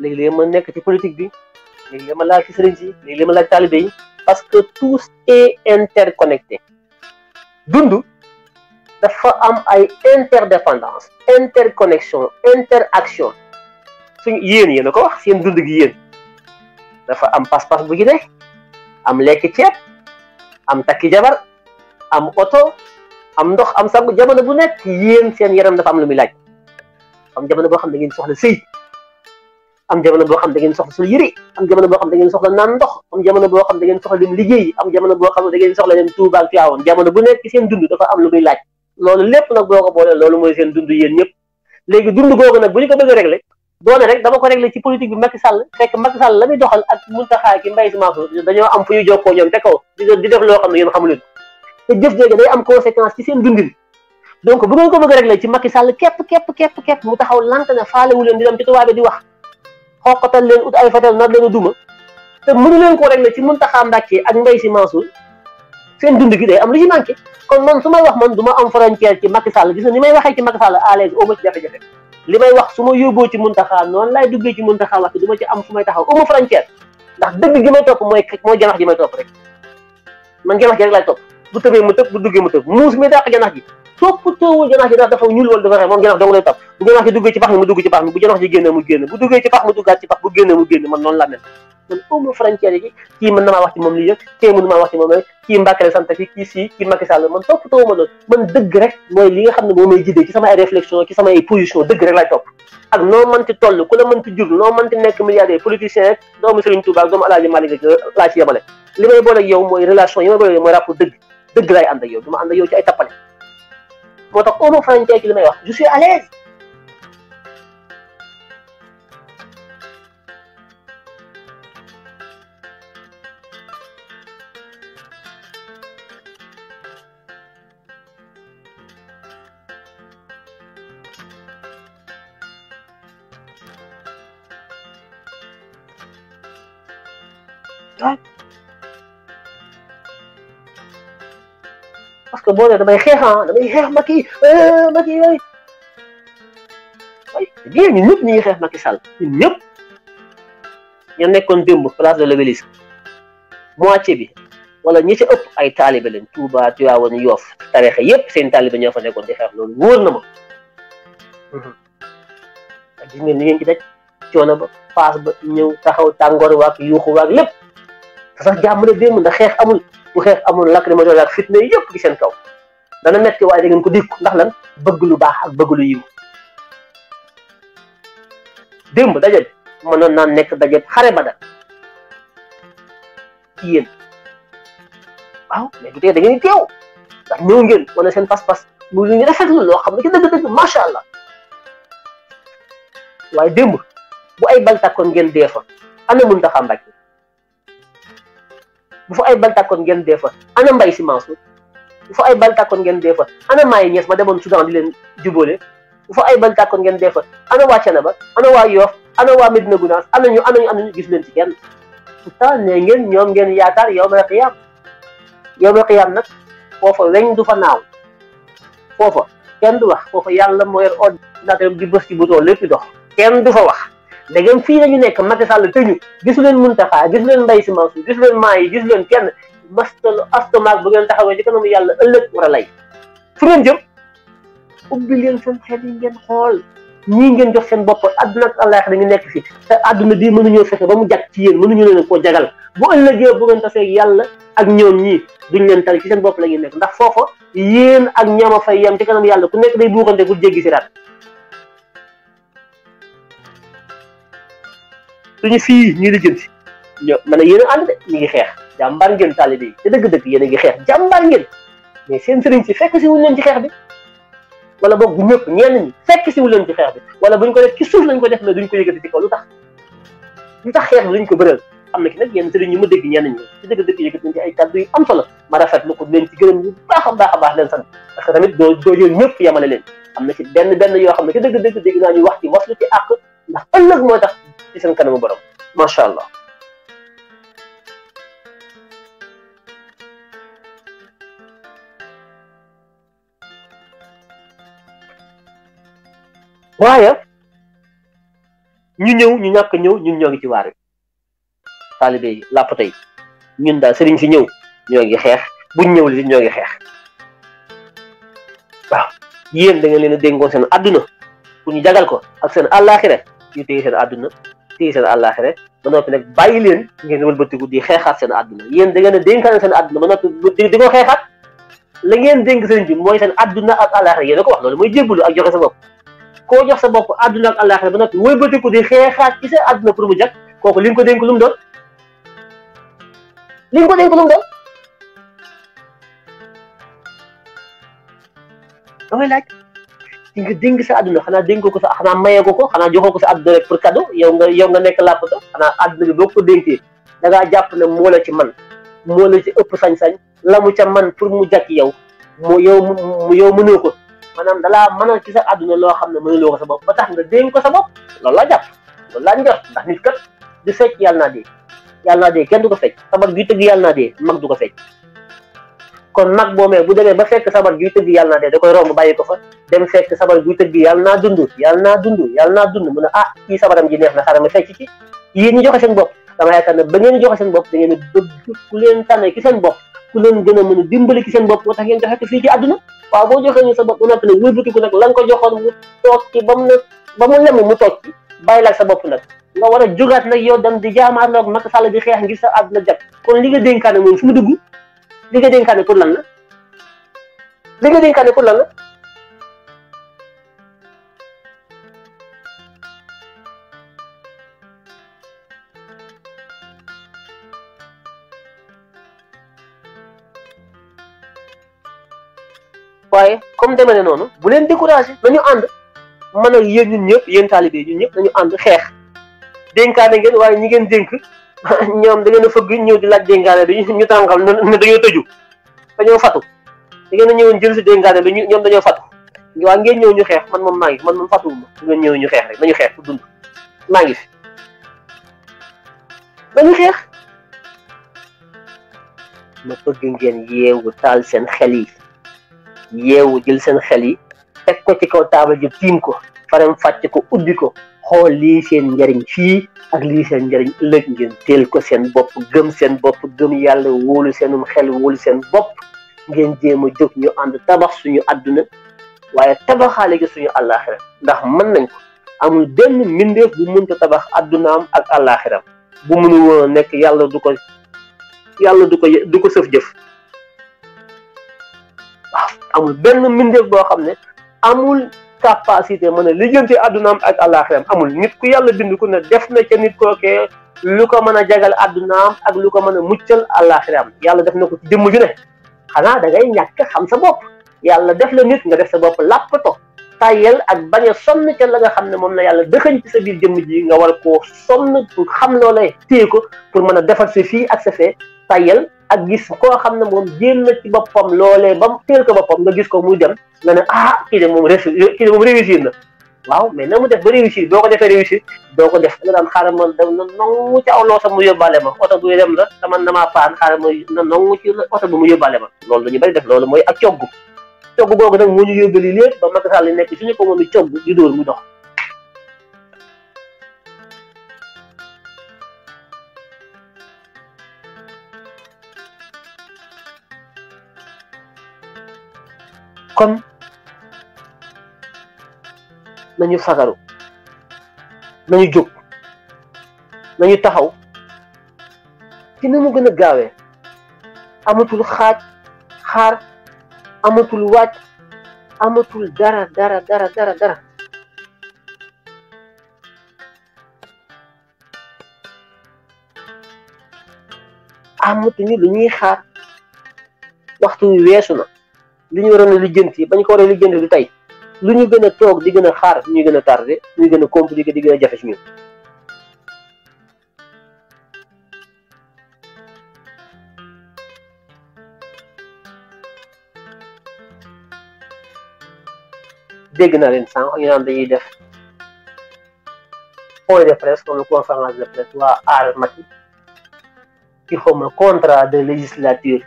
léeg ma nekk ci politique bi léeg ma laal ci sëriñ ci léeg ma laal talibé yi parce que tous est interconnecté dund dafa am ay interdépendance interconnexion interaction suñu yeen yeen ko wax seen dund gi yeen dafa am pas-pas bu gi ne am lekk ceeb am takki jabar am auto, am ndox am sabu, jamono bu nekk yeen seen yaram dafa am lu muy laaj am jamono boo xam ne ngeen soxla sëy am jamono boo xam ne ngeen soxla suñu yëre am jamono boo xam ne ngeen soxla naan ndox am jamono boo xam ngeen soxla dem am jamono boo xam ngeen soxla dem Tuuba ak Tiwaawan jamono bu nekk seen dund dafa am lu muy laaj loolu lépp nag boo ko loolu mooy seen dund yéen ñëpp léegi dund googu nag bu ko bëgg régler doone rek dama ko régler ci politique bi Macky Sall fekk Macky Sall la doxal ak ki Mbaye am fu ñu jokkoo te di def loo xam ne yéen te jëf day am conséquence ci seen dundin donc bu ngeen ko bëgg a réglé ci Macky Sall képp képp kepp képp mu taxaw lant na faalewu leen di dem ci tubaab bi di wax xooqatal leen ut ay fetel nag leen a duma te mënu leen koo réglé ci Mountakha Mbacké ak Mbaye Sy Mansour seen am lu ci manqué kon man su may wax man du ma am frontière ci Macky Sall gis na ni may waxee ci Macky Sall à l'aise auma ci jafe-jafe li may wax su ma yóbboo ci Mountakha noonu laay duggee ci Mountakha ma ci am fu may taxaw auma frontière ndax dëgg gi may topp mooy mooy janax ji may topp rek man janax ji rek laay topp bu tëbee mu tëb bu duggee mu tëb muus mi dàq janax ji soo ko teewul janax ji ndax dafa ñuul wala dafa reex moom janax dong lay topp bu janax ji duggee ci pax mu dugg ci pax mi bu mu génn bu duggee ci pax mu duggaat ci pax bu génnee mu génn man noonu la mel man amul frontière yi kii mën na maa wax ci moom lii yëpp kii mën na maa wax ci moom rek kii Mbàkke la sant kii si kii Macky Sall man topp tawuma loolu man dëgg rek mooy li nga xam ne moo may jidee ci sama ay réflexion ci sama ay position Mon oh mon frère, il meilleur. Je suis à l'aise. Hein? te boo nee damay xeex ah damay xeex Macky Macky yooyu waaye bien ñun ñëpp ñu xeex Macky Sall ñun ñëpp ña nekkoon démb place de l'Obélisque moitié bi wala ñi ci ëpp ay taalibe leen Touba Tivaouane Yoff tarixa yëpp seen taalibe ñoo fa nekkoon di xeex loolu wóor na ma. gis ngeen ni ngeen ci daj coono ba paas ba ñëw taxaw tàngoor waak yuuxu waak lépp te sax jàmm na ndax xeex amul. bu xeex amul lacrymogène ak fitna yëpp ci seen kaw dana metti waaye da ngeen ko dikk ndax lan bëgg lu baax ak bëgg lu yiw démb daje bi mënoon naan nekk daje xare ba da ci yéen waaw mais bu tey da ngeen di teew ndax ñëw ngeen wane seen pas-pas mu lu ñu rafetlu loo xam ne ci dëgg-dëgg macha allah waaye démb bu ay bal tàkkoon ngeen deexoon fa ana mun taxa mbàcc bu fa ay bal ngeen dee fa ana mbay si Mansour bu fa ay bal tàkkoon ngeen dee fa ana Maye Niass ma demoon Soudan di leen jubóole bu fa ay bal tàkkoon ngeen dee fa ana waa Thiénaba ana waa Yoff ana waa Medina na ana ñu ana ñu ana ñu gis leen ci kenn pourtant ne ngeen ñoom ngeen yaakaar yow ma xiyaam yow ma xiyaam nag foofa weñ du fa naaw foofa kenn du wax foofa yàlla moo yor ordinateur di bës ci bouton lépp dox kenn du fa wax ndegem fii lañu nekk Macky Sall tëju gisu leen Mountakha gisu leen Mbaye Sy Mansour gisu leen maa leen kenn mastalu astomac bu ngeen taxawee ci kanamu yàlla ëllëg war a lay fu ngeen jëm ubbi leen seen xel yi ngeen xool ñii ngeen jox seen bopp àdduna ak àllaaxira ñu nekk fi te àdduna bii mënuñoo fexe ba mu jag ci yéen mënuñu leen koo jagal bu ëllëgee bu ngeen tasee yàlla ak ñoom ñii duñ leen tal ci seen bopp la ñuy nekk ndax foofa yéen ak ñoom a fay yem ci kanam yàlla ku nekk day buuxante ku jéggi si raat suñu fii ñuy lijjanti ño mën a yéen a ànd de ngi xeex jàmbaar ngeen taalibe yi te dëgg-dëgg yéen a ngi xeex jàmbaar ngeen mais seen sëriñ si fekk si wuñ leen xeex bi wala boog bu ñëpp ñenn ñi fekk si wuñ leen ci xeex bi wala buñ ko def ci suuf lañ ko def mais duñ ko yëkkati ci kaw lu tax lu tax xeex bi duñ ko bëral am na ki nag ñu ma dégg ñenn ñi ci dëgg-dëgg yëkkati nañ ci am solo ma rafet lu ko leen ci gërëm bu baax a baax a baax leen sant parce que tamit na ci benn benn yoo xam ne ci dëgg-dëgg dégg naa ñu wax ci seen kanamu borom macha allah. waaye ñu ñëw ñu ñàkk ñëw ñu ñoo ngi ci waar wi taalibe yi làppate yi ñun daal sëriñ fi ñëw ñoo ngi xeex buñ ñëw li ñoo ngi xeex waaw yéen da leen a déngoo seen àdduna pour ñu jagal ko ak seen àllaaxira ñu téye seen àdduna téye seen àllaaxira ba noppi nag bàyyi leen ngeen wëlbatiku di xeexaat seen àdduna yéen da ngeen a dénkaane seen àdduna ba noppi di ko xeexaat la ngeen dénk sëriñ bi mooy seen àdduna ak àllaaxira yéen a ko wax loolu mooy jébbalu ak joxe sa bopp koo jox sa bopp àdduna ak àllaaxira ba noppi wëlbatiku di xeexaat ci seen àdduna mu jag kooku li nga ko doon li nga ko doon nga dénk sa àdduna xanaa dénkoo ko sa xanaa mayeko ko ko xanaa joxoo ko sa àdduna rek pour cadeau yow nga yow nga nekk làppto xanaa àdduna bi boo ko dénkee da ngaa jàpp ne moo la ci man moo la ci ëpp sañ-sañ la mu ca man pour mu jàkk yow mu yow mu yow mënoo ko maanaam dalaa mënal ci sa àdduna loo xam ne mënuloo ko sa bopp ba tax nga dénk ko sa bopp loolu laa jàpp loolu laa njort ndax nit kat di fecc yàlla naa dee yàlla naa dee kenn du ko fecc sabar bi tëgg yàlla naa dee mag du ko fecc kon mag boomee bu demee ba fekk sabar guy tëgg yàlla naa dee da koy romb bàyyi ko fa dem fekk sabar guy tëgg yàlla naa dund yàlla naa dund yàlla naa dund mu ne ah kii sabaram ji neex na xaaral ma fekk ci yéen ñu joxe seen bopp dama yaakaar ne ba ngeen seen bopp da ngeen bëgg ku leen tànnee ki a mën a dimbali ki seen bopp moo ko fii ci àdduna waaw boo joxee ñu sa bopp mu noppi nag wëlbatiku nag la nga ko joxoon mu toog ci ba mu ne ba mu lem sa bopp nag nga war a jógaat nag yow àdduna jag kon li nga dénkaane moom fu mu dugg li nga dénkaane pour lan la li nga dénkaane pour lan la waaye comme deme ne noonu bu leen découragé nañu ànd man ak yéen ñun ñëpp yéen taalibe ñun ñëpp nañu ànd xeex dénkaane ngeen waaye ñi ngeen dénk ñoom da ngeen a fëgg ñëw di laaj dénkaane bi ñu tàngal ne dañoo tëju dañoo fatu da ngeen a ñëwoon jël si dénkaane bi ñoom dañoo fatu waa ngeen ñëw ñu xeex man moom maa ngi man moom fatuwuma ngeen ñëw ñu xeex rek ñu xeex pour dund maa ngi fi dañu xeex ma bëgg ngeen yeewu taal seen xel yi yeewu jël seen xel yi teg ko ci kaw taabal ji tiim ko faram fàcc ko ubbi ko xool lii seen njariñ fii ak lii seen njariñ ëllëg ngeen teel ko seen bopp gëm seen bopp gëm yàlla wóolu seenum xel wóolu seen bopp ngeen jéem a jóg ñu ànd tabax suñu àdduna waaye tabaxaale gi suñu àllaaxiram ndax mën nañ ko amul benn mbindeef bu mënta tabax àddunaam ak àllaaxiram bu mënu woon a nekk yàlla du ko yàlla du ko du ko sëf jëf waaw amul benn mbindeef boo xam ne amul capacité mën a lijjanti àddunaam ak àllaaxiram amul nit ku yàlla bind ku ne def na ca nit kookee lu ko mën a jagal àddunaam ak lu ko mën a muccal àllaaxiram yàlla def na ko ci jëmm ju ne xanaa da ngay ñàkk xam sa bopp yàlla def la nit nga def sa bopp to tàyyel ak bañ a sonn ca la nga xam ne moom la yàlla dëxëñ ci sa biir jëmm ji nga war koo sonn pour xam loolee téye ko pour mën a defar si fii ak sa fee tàyyel ak gis koo xam ne moom jéem na ci boppam loolee ba mu teel ko gis ko muy dem nga ne ah kii de moom réussir kii de moom réussir na waaw mais na mu def ba réussir doo ko defee réussir doo ko def da nga daan xaaral ma dem na nangu ci mu yóbbaale ma oto bu dem la dama damaa paan xaaral ma na nangu ci oto bi mu yóbbaale ma loolu dañu bari def loolu mooy ak cogg cogg googu nag moo ñu yóbbali lépp ba Macky Sall nekk suñu ko moom i cogg di dóor mu dox comme nañu fagaru nañu jóg nañu taxaw ci ni mu gën a gaawee amatul xaaj xaar amatul wàcc amatul dara dara dara dara dara amatuñu lu ñuy xaar waxtu wi weesu na li ñu waroon a lijjanti bañ ko war li lijjanti du tay lu ñu gëna tok di gëna xaar ñu gëna tardé ñu gëna compliqué di gëna jafé ci ñun dégg na leen sànq ñu naan dañuy def point de presse comme conférence de presse waa aar mati ci xawma contrat de législature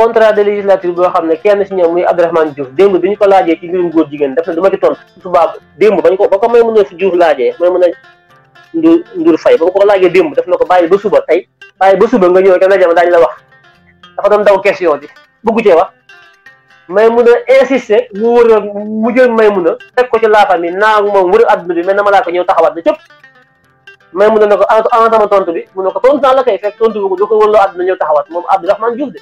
contrat de législature bo xam kenn ci ñom muy Abdourahmane Diouf démb biñ ko laajee ci mbirum goor jigen daf ne du ci ton tubaab démb ba ñu ko bako may mën a si Diouf laajee may mën a ndur ndur fay bako ko laajee démb daf na bayyi ba suba tay bayyi ba suba nga ñëw ca ndaje ma daañu la wax dafa doon daw question di bëggu ci wax may mun a insister mu wër mu jël may mun a teg ko ci laafam yi naa moom wër adduna bi mais na ma laa ko ñëw taxawat na cëpp may mun a ne ko en sama tontu bi mu ne ko tontu la kay fek tontu bu ko lu ko wërloo adduna ñëw taxawat mom Abdourahmane Diouf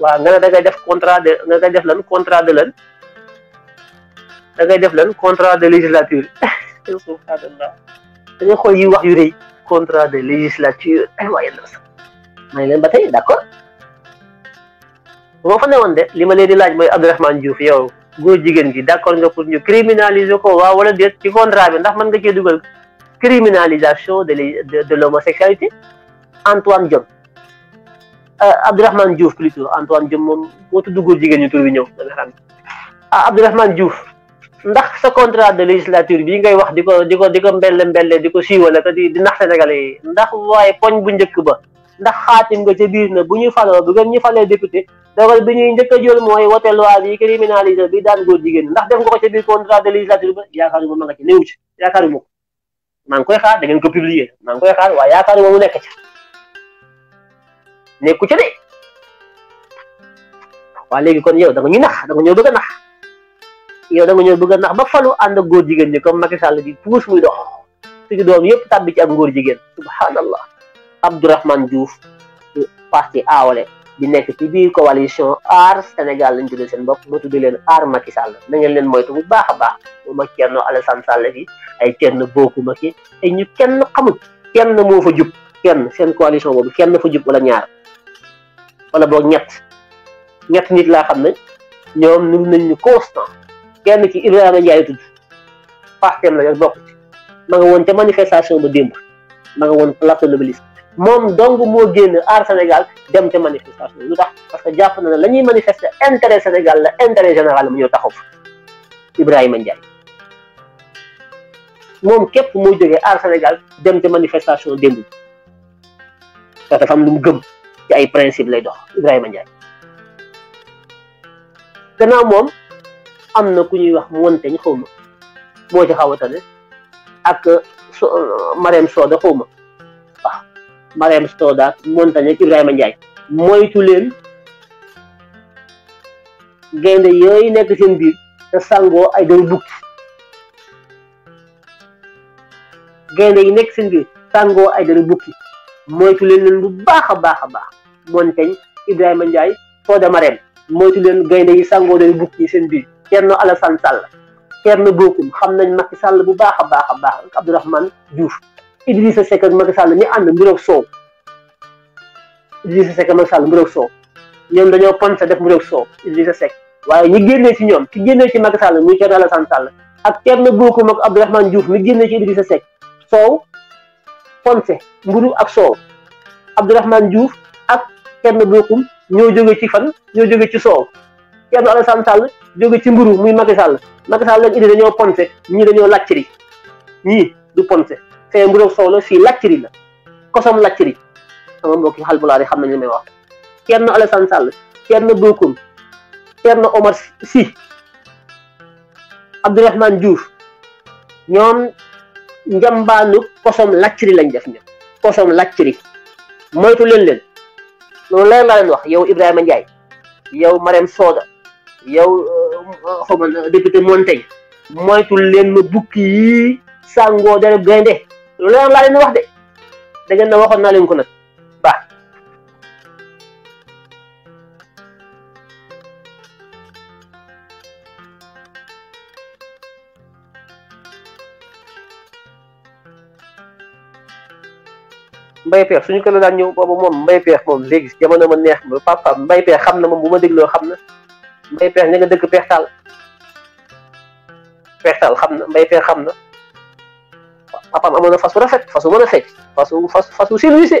waaw nga ne da ngay def contra de da ngay def lan contrat de lan da ngay def lan contrat de législature subhanallah da ngay wax yu rëy contrat de législature ay na sax ma ne leen ba tey d' accord boo fa newoon de li ma leen di laaj mooy Abdourahmane Diouf yow góor jigéen ki d' accord nga pour ñu criminaliser ko waaw wala déet ci contrat bi ndax mën nga cee dugal criminalisation de de de l' homosexualité Antoine Diome Euh, Abdourahmane Diouf plutôt Antoine Diome moom boo tudd góor jigéen ñu tur bi ñëw da nga xam ah Abdourahmane Diouf ndax sa contrat de législature bii ngay wax di ko di ko di ko mbelle mbelle di ko siiwale te di di nax Sénégalais yi ndax waaye poñ bu njëkk ba ndax xaatim nga ca biir na bu ñu faloo bu gën ñu falee député dogal bi ñuy njëkk a jël mooy wote loi bi criminalisé bi daan góor jigéen ndax def nga ko ca biir contrat de législature ba yaakaaruma ma nga ci néew ci yaakaaruma ko maa ngi ko xaar da ngeen ko publier maa ngi ko ya waaye yaakaaruma mu nekk ca nekku ci de wa legi kon yow da nga ñu nax da nga ñu bëgg nax yow da nga ñu bëgg nax ba falu ànd goor jigen ni comme Macky Sall di tous muy dox suñu doom yépp tabbi ci ak goor jigen kan. subhanallah Abdourahmane Diouf parti awale di nek ci biir coalition ar senegal lañu tuddee seen bop ma tuddi leen ar Macky Sall na ngeen leen moytu bu baax baax mu ma Thierno Alassane Sall fi ay Thierno bokku Macky ay ñu kenn xamul kenn mo fa jup kenn seen coalition bobu kenn fa jup wala ñaar wala boog ñett ñett nit laa xam ne ñoom ñu ñu constant kenn ci Ibrahima Ndiaye tudd partem la yor bokk woon ca manifestation ba démb ma nga woon plateau Nobilis moom dong moo génn aar Sénégal dem ca manifestation lu tax parce que jàpp na ne la ñuy manifester intérêt Sénégal la intérêt général mu ñëw taxaw Ibrahima Ndiaye képp moo jógee aar Sénégal dem ca manifestation démb te dafa am lu mu gëm ci ay principe lay dox Ibrahima Ndiaye gannaaw moom am na ku ñuy wax Montaigne xaw ma moo ci xaw a tane ak so Marème Soda xaw ma waaw Marème Soda ak Montaigne ak Ibrahima Ndiaye gaynde yooyu nekk seen biir te sangoo ay doon bukki gaynde yi nekk seen biir sangoo ay doon bukki moytu leen leen bu baax a baax a baax Montaigne Ibrahima Ndiaye Fodé Marème moytu leen gaynde yi sangoo doy bukk yi seen biir Thierno Alassane Sall Thierno Bocoum xam nañ Macky Sall bu baax a baax a baax ak Abdourahmane Diouf Idrissa Seck ak Macky Sall ñu ànd mbiroog soow Idrissa Seck ak Macky Sall mbiroog soow ñoom dañoo ponse def mbiroog soow Idrissa Seck waaye ñi génnee ci ñoom ki génnee ci Macky Sall muy Thierno Alassane Sall ak Thierno Bocoum ak Abdourahmane Diouf mi génnee ci Idrissa Seck soow ponse mburu ak soow Abdourahmane Diouf ak Thierno Bocoum ñoo jóge ci fan ñoo jóge ci soow Thierno Alassane jóge ci mburu muy Macky Sall Macky Sall lañ indi dañoo ponse ñii dañoo lacciri ñii du ponse fee mburu ak soow la fii lacciri la kosom lacciri sama mbokki xalbulaar yi xam nañ li may wax Thierno Alassane Sall Thierno Bocoum Thierno Omar Sy Abdourahmane Diouf ñoom njambaanu posom lacciri lañ def ñun posom lacciri moytu leen leen loolu leer laa leen wax yow Ibrahima Ndiaye yow Marème Soda yow euh, xaw ma député Montaigne moytu leen ma bukki yi sàngoo dara gaynde loolu leer laa leen wax de da ngeen na waxoon naa leen ko nag mbay pex suñu ko la daan ñëw boobu moom mbay peex moom léegi jamono ma neex ma papa mbay pex xam na moom bu ma xam na mbay peex ña nga dëkk tal peextaal xam na mbay pex xam na papaam na fasu rafet fasu bu mën fasu fasu fasu bu ci fas bu siluise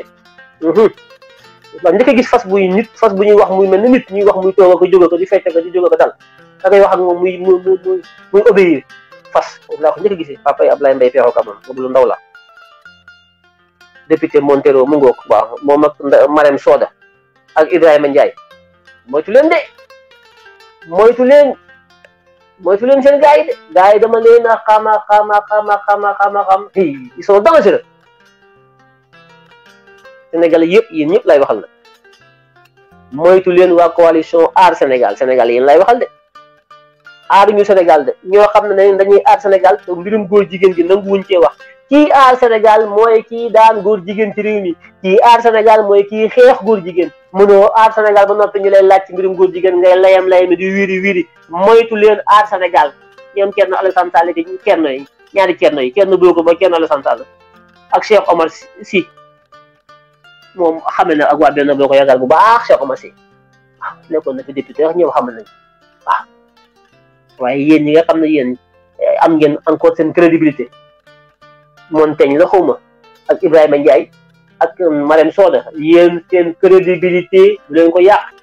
ba njëkk gis fas bu nit fas bu ñuy wax muy melni nit ñuy wax muy toog ko jóge ko di fecc ko di jóge ko dal da ngay wax ak mom muy muy muy obéir fas boobu laa ko njëkk gisee papa yi Ablaye Mbay peexoo ko amoon boobu lu ndaw la député Montero mu ngoog waaw moom ak Marème Soda ak Ibrahima Ndiaye moytu leen de de gars yi dama leen a xama xama xama yëpp lay waxal na moytu leen waa coalition aar Sénégal Sénégal yéen lay waxal de aaruñu Sénégal de ñoo xam ne dañuy aar Sénégal te mbirum góor jigéen gi nanguwuñ cee wax kii aar Sénégal mooy kii daan góor jigéen ci réew mi kii aar Sénégal mooy kii xeex góor jigéen mënoo aar Sénégal ba noppi ñu lay laaj ci mbirum góor jigéen ngay layam layam di wiiri wiiri moytu leen aar Sénégal ñoom Thierno Alassane Sall di Thierno yi ñaari kenn yi kenn Bocoum ko Thierno Alassane Sall ak Cheikh Omar Sy moom xam ne na ak waa benn boo ko yaakaar bu baax Cheikh Omar Sy waaw nekkoon na fi député wax xam nañ waaw waaye yéen ñi nga xam ne yéen eh, am ngeen encore seen crédibilité. Montaigne la xawma ak Ibrahima Ndiaye ak um, Marème Soda yéen seen crédibilité bu leen ko yàq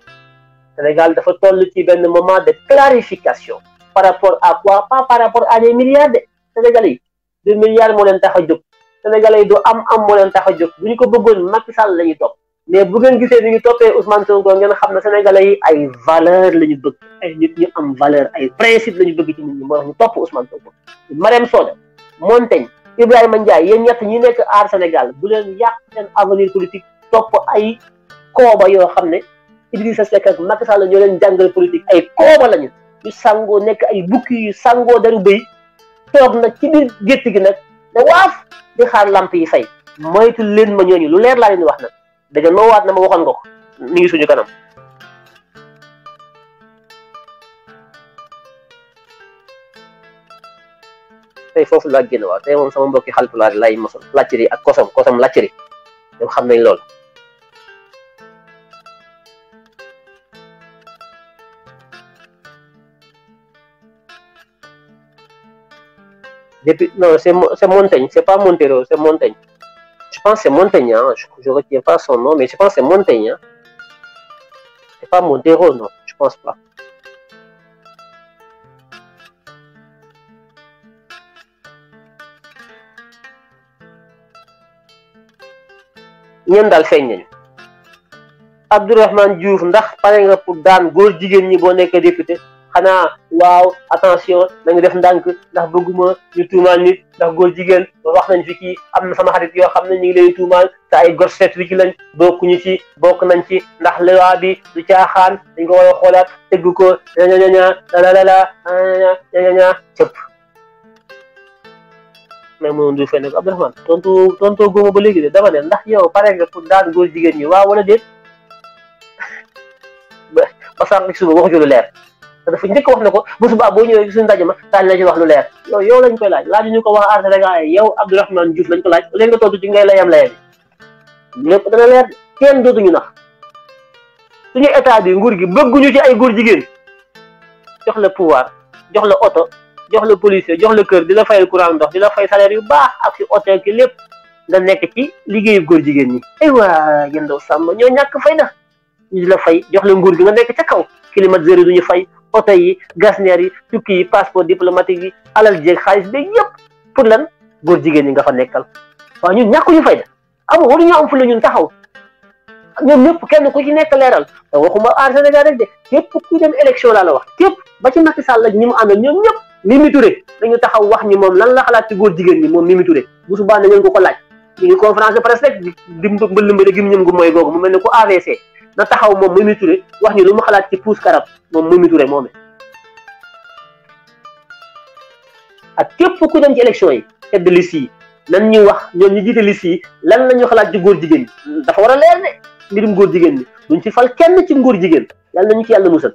Sénégal dafa toll ci benn moment de clarification par rapport à quoi pas par rapport à des milliards de Sénégalais yi du milliards moo leen tax a jóg Sénégalais yi du am am moo leen tax a jóg bu ñu ko bëggoon Macky Sall la ñuy topp mais bu ngeen gisee ni ñu toppee Ousmane Sonko ngeen xam ne Sénégalais yi ay valeur la ay nit ñu am valeur ay principe la ñu bëgg ci nit ñi moo tax ñu topp Ousmane Sonko Marème Soda Montaigne Ibrahima Ndiaye yéen ñett ñi nekk aar Sénégal bu leen yàq seen avenir politique topp ay kooba yoo xam ne sa Seck ak Macky Sall ñoo leen jàngal politique ay kooba lañu yu sangoo nekk ay bukki yu sangoo daru bëy toog nag ci biir gétt gi nag ne waaf di xaar lamp yi fay moytu leen ma ñooñu lu leer laa leen wax nag dëgg ma waat na ma waxoon nga ko mi suñu kanam. tay fofu la génn waaw tey moom sama mbokki xalpulaar lay mos lacciri ak kosam kosam lacciri ñoom xam nañ loolu depuis non c'est c'est Montaigne c'est pas Montero c'est Montaigne je pense c'est Montaigne hein je je retiens pas son nom mais je pense c'est Montaigne hein. c'est pas Montero non je pense pas ñoom daal feeñ nañu Abdourahmane Diouf ndax pare nga pour daan góor jigéen ñi boo nekkee député xanaa waaw attention nañu def ndànk ndax bëgguma ñu tuumaan nit ndax góor jigéen wax nañ fi kii am na fama xarit yoo xam ne ñu ngi leen tuumaan te ay gor seet wi ci lañ bokkuñu ci bokk nañ ci ndax loi bi du caaxaan dañ ko war a xoolaat tëgg ko ñañañaña la la la ñañaña cëpp Maimouna Ndour Faye ne ko Abdourahmane tontu góoma ba léegi de dama ne ndax yow pare nga pour daan góor jigéen ñi waaw wala déet ba ba sànq suba waxu ci lu leer te dafa njëkk wax ne ko bu subaa boo ñëwee suñu ndaje ma daañu la ci wax lu leer yow yow lañ koy laaj laaj ñu ko wax aar Sénégal yow Abdourahmane Diouf lañ ko laaj léegi nga tontu ci ngay layam layam lépp dana leer kenn dootuñu nax suñu état bi nguur gi bëgguñu ci ay góor jigéen jox la pouvoir jox la oto jox la policier jox la kër di la fayal courant ndox di la fay salaire yu baax ak si hôtel ki lépp nga nekk ci liggéey góor jigéen ñi aywa yëndaw sàmm ñoo ñàkk fay na ñu la fay jox la nguur gi nga nekk ca kaw climatiseur yi duñu fay oto yi gasneer yi tukki yi passeport diplomatique yi alal jeeg xaalis bi yëpp pour lan góor jigéen ñi nga fa nekkal waaw ñun ñàkk ñu fay na amul ah waruñu am fu la ñun taxaw ñoom ñëpp kenn ku ci nekk leeral te waxuma aar Sénégal rek de képp ku dem élection la wax képp ba ci Macky Sall ñi mu mimi touré dañu taxaw wax ni mom lan la xalat ci goor jigen ni mom mimi touré bu suba nañu ko ko laaj ni conférence de presse rek di mbeul mbeul gi ñu ngi moy gog mu melni ko AVC da taxaw mom mimi touré wax ni lu mu xalat ci pousse carap mom mimi touré momé ak képp ku dem ci élection yi tedd liste nan ñu wax ñoom ñu jité liste lan lañu xalat ci jigen dafa wara leer ne mbirum jigen ni duñ ci fal kenn ci ngor jigen yalla nañu ci yalla musal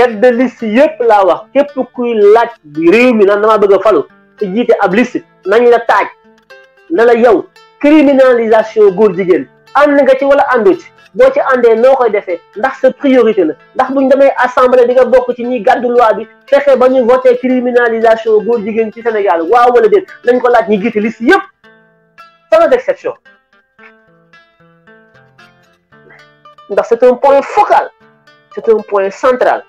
tête de liste yëpp laa wax képp kuy laaj réew mi nan damaa bëgg a falu te jiite ab liste nañ la taaj na la yow criminalisation góor jigéen am na nga ci wala àndoo ci boo ci àndee noo koy defee ndax sa priorité na ndax buñ demee assemblée bi nga bokk ci ñiy gàddu loi bi fexe ba ñu voté criminalisation góor jigéen ci Sénégal waaw wala déet nañ ko laaj ñi jiite liste yëpp sans exception ndax c'est un point focal c'est un point central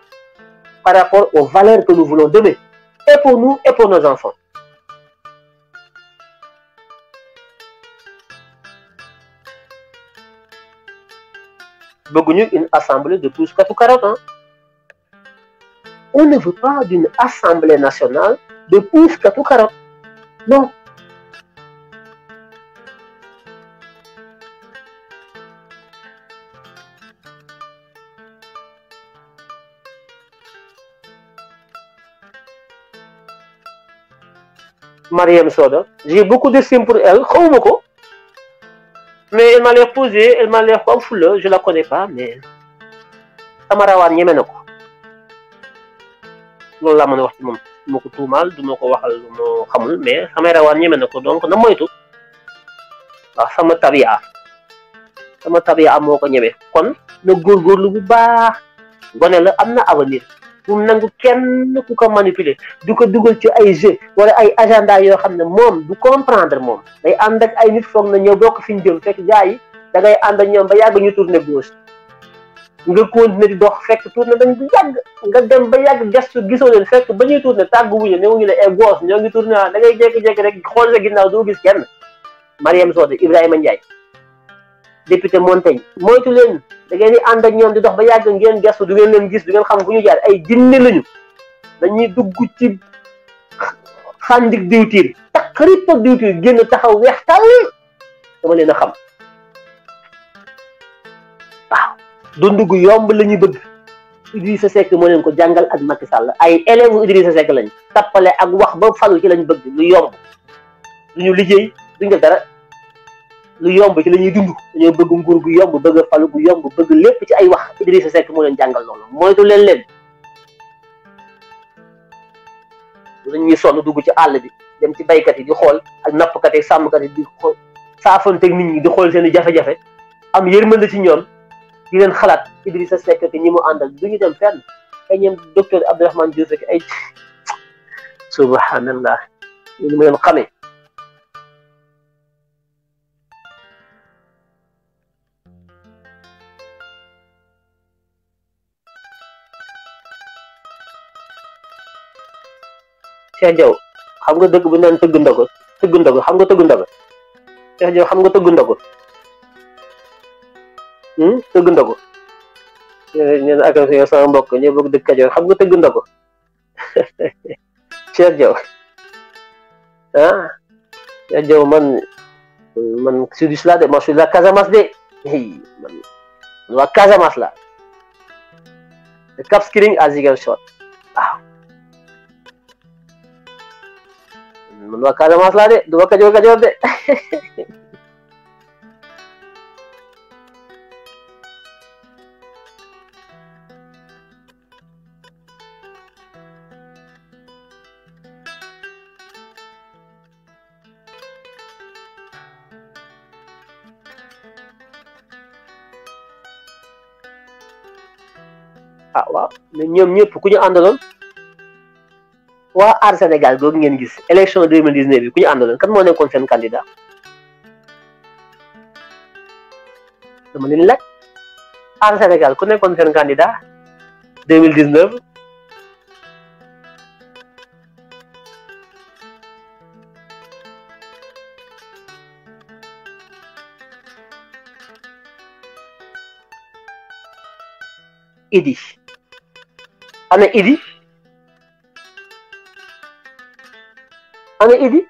par rapport aux valeurs que nous voulons donner, et pour nous et pour nos enfants. Nous une assemblée de tous 4 ou 40 ans. On ne veut pas d'une assemblée nationale de tous 4 ou 40. Non, Mariam Soda. J'ai beaucoup d'estime pour elle, Mais elle m'a l'air posée, elle m'a l'air comme foule, je la connais pas, mais. Amarawan Yemenoko. a ko je ne ko waxal ma xamul mais donc na moytu Je sama je sama je ne na je bu baax bu nangu kenn ku ko manipuler du ko dugal ci ay jeu wala ay agenda yoo xam ne moom du comprendre moom day ànd ay nit foog na ñëw bokk fi ñu jëm fekk gars yi da ngay ànd ak ñoom ba yàgg ñu tourné gauche nga ne di doox fekk tourné dañ bu nga dem ba yàgg gestu gisoo leen fekk ba ñuy tourné tàggu wuñu ne wuñu ne ay eh, gauche ñoo ngi tourné a ah, da ngay jékki rek xool sa ginnaaw doo gis kenn Mariam Sode Ibrahima Ndiaye député montagne moytu len da ngeen di and ak ñoom di dox ba yàgg ngeen gestu du ngeen leen gis du ngeen xam fu ñu jaar ay jinne lañu dañuy dugg ci xandik diwtiir takk rip ak diwtiir genn taxaw weex tal dama leen a xam waaw dund gu yomb lañu bëgg Idrissa Seck mo leen ko jàngal ak Macky Sall ay élève Idrissa Seck lañ tappale ak wax ba falu ci lañ bëgg lu yomb duñu liggéey duñ def dara lu yomb ci lañuy ñuy dund dañoo bëgg nguur gu yomb bëgg falu gu yomb bëgg lépp ci ay wax Idrissa Seck moo leen jàngal loolu moytu leen leen dañuy sonn dugg ci àll bi dem ci baykat yi di xool ak nappkat yi sàmmkat yi di xool saafonteeg nit ñi di xool seen i jafe-jafe am yërmande ci ñoon di leen xalaat Idrissa Seck te mu àndal du ñu dem fenn ay ñoom docteur Abdourahmane Diouf ak ay subhanallah ñu ma leen xamee Cheikh Diaw xam nga dëkk bu ñu naan tëgg ndogu tëgg ndogu xam nga tëgg ndogu Cheikh xam nga tëgg ndogu hmm tëgg ndogu ñen ak yow sama mbokk ñu bëgg jauh, Kajoor xam nga tëgg ndogu Cheikh ah Cheikh man man sudis la de man suis la Casamance de man waa Casamance la Cap azigal à dua kali masalah dek dua kali juga jawab dek ah waaw mais ñoom ñëpp ku ñu waa aar senegal googu ngeen gis élection 2019 bi ku ñu àndaloon kan moo nekkoon seen candidat dama leen laaj aar Sénégal ku nekkoon seen candidat 2019 Idi ana Idi. ana Idi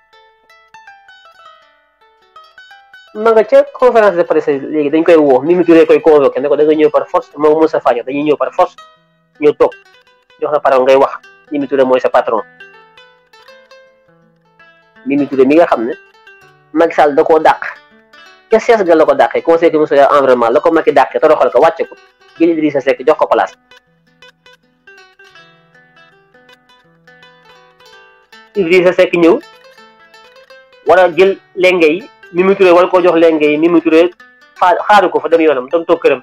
ma nga ca conférence de presse léegi dañ koy woo Mimi Touré koy convoqué ne ko da nga ñëw par force moom Moussa Fadio dañuy ñëw par force ñëw toog jox la parole ngay wax Mimi mooy sa patron Mimi Touré mi nga xam ne Macky Sall da koo dàq ca CESE ga la ko dàqee conseil communautaire environnement la ko Macky dàqee toroxal ko wàcce ko jox ko place Idrissa Seck ñëw war a jël lenge yi Mimi Touré war koo jox lenge yi Mimi Touré faa xaaru ko fa dem yoonam dem toog këram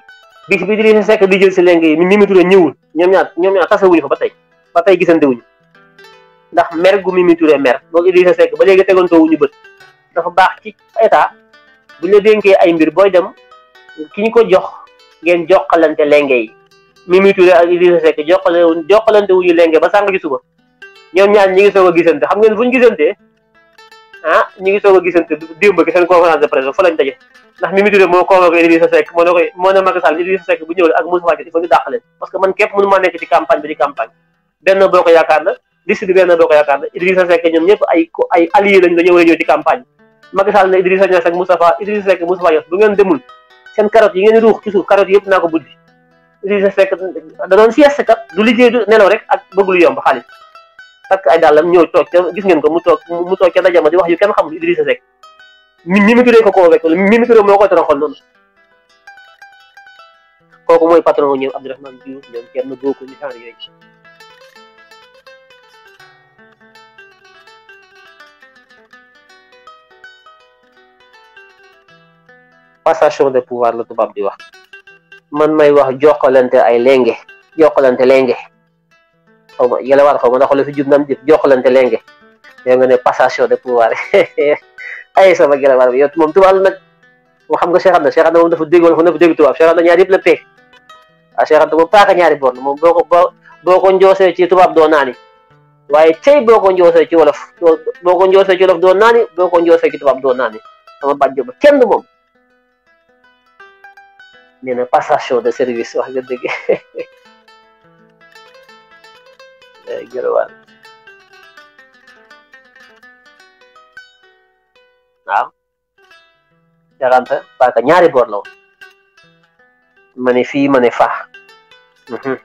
bis bi Idrissa Seck di jël si lenge yi Mimi Touré ñëwul ñoom ñaar ñoom ñaar tasawuñu fa ba tey ba tey gisante wuñu ndax mer gu Mimi Touré mer moom ba léegi tegantoo wuñu bët dafa baax ci état buñ la dénkee ay mbir booy dem ki ñu ko jox ngeen joxalante lenge yi Mimi Touré ak Idrissa Seck joxale joxalante wuñu lenge ba sànq ci suba ñoom ñaar ñi ngi soog a gisante xam ngeen fu ñu gisantee ah ñi ngi soog a gisante démb gi seen conférence de presse fa lañ daje ndax Mimi Touré moo convoqué Idrissa Seck moo ne koy moo ne Macky Sall Idrissa Seck bu ñëwul ak Moussa Wade il faut ñu dàq leen parce que man képp mënu maa nekk ci campagne bi di campagne benn boo ko yaakaar na liste bi benn boo ko yaakaar na Idrissa Seck ñoom ñëpp ay ay alliés lañ dañoo war a ñëw ci campagne Macky Sall ne Idrissa Niass ak Moustapha Idrissa Seck Moustapha Niass bu ngeen demul seen carotte yi ngeen ruux ci suuf carotte yëpp naa ko buddi Idrissa Seck da doon sieste kat du liggéey du nelaw rek ak bëgg lu yomb xaalis takk ay dàllam ñëw toog ca gis ngeen ko mu toog mu toog ca dajama di wax yu kenn xamul Idrissa Seck mi Mimi Touré ko convoqué moo ko mooy patron ñoom Abdourahmane Diouf ñoom Thierno Bocoum ñu genre yooyu passation de pouvoir la tubaab di wax man may wax jokkalante ay lenge jokkalante lenge xaw ma yelewaar xaw ma ndax la fi jub nam di joxlante léegi yow nga ne passation de pouvoir ay sama gelewaar bi yow moom tubaab nag moo xam nga Cheikh Anta Cheikh Anta moom dafa dégg wala fa dafa dégg tubaab Cheikh Anta ñaar yëpp la peeg waaw ah, Cheikh Anta moom paaka ñaari boor boo ko boo ko njoosee ci tubaab doo naani waaye cey boo ko njoosee ci wolof boo ko njoosee ci wolof doo boo ko njoosee ci tubaab doo naani sama bàjjo ba kenn moom nee na passation de service gërëwaal waaw jaranta paaka ñaari boor la fii ma faa mhm.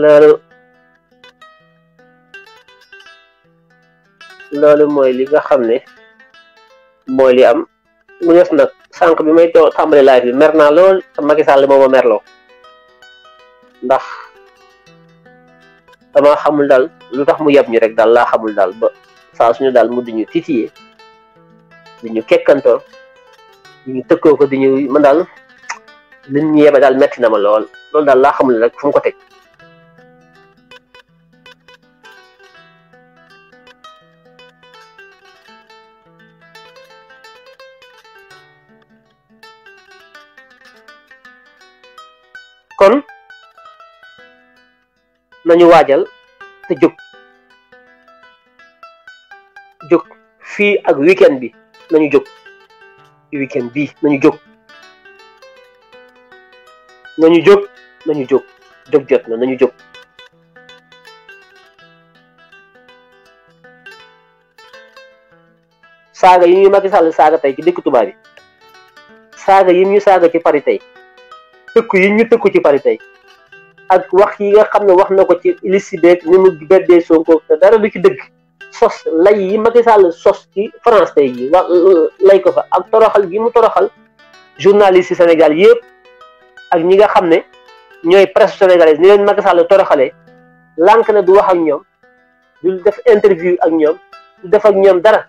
loolu loolu mooy li nga xam ne mooy am mu ñës nag sànq bi may too tàmbali live bi mer naa lool te Macky Sall moo ma merloo ndax dama xamul daal lu tax mu yab ñu rek daal laa xamul daal ba saa suñu daal mu duñu titiyee duñu kekkantoo duñu tëkkoo ko duñu man daal li ñu yebe daal metti na ma lool loolu daal laa xamul rek fu mu ko teg nañu waajal te jóg jóg fii ak weekend bi nañu jóg weekend bii nañu jóg nañu jóg nañu jóg jóg jot na nañu jóg saaga yi ñuy Macky Sall saaga tey ci dëkk tubaab saaga yi ñu saaga ci pari tey tëkku yi ñu tëkku ci pari tey ak wax yi nga xam ne wax na ko ci liste beeg ni mu beddee Sonko te dara du ci dëgg sos lay yi Macky Sall sos ci France tey jii wa euh, lay ko fa ak toroxal gi mu toroxal journaliste yi Sénégal yëpp ak ñi nga xam ne ñooy presse sénégalaise ni leen Macky Sall toroxalee lànk na du wax ak ñoom du def interview ak ñoom du def ak ñoom dara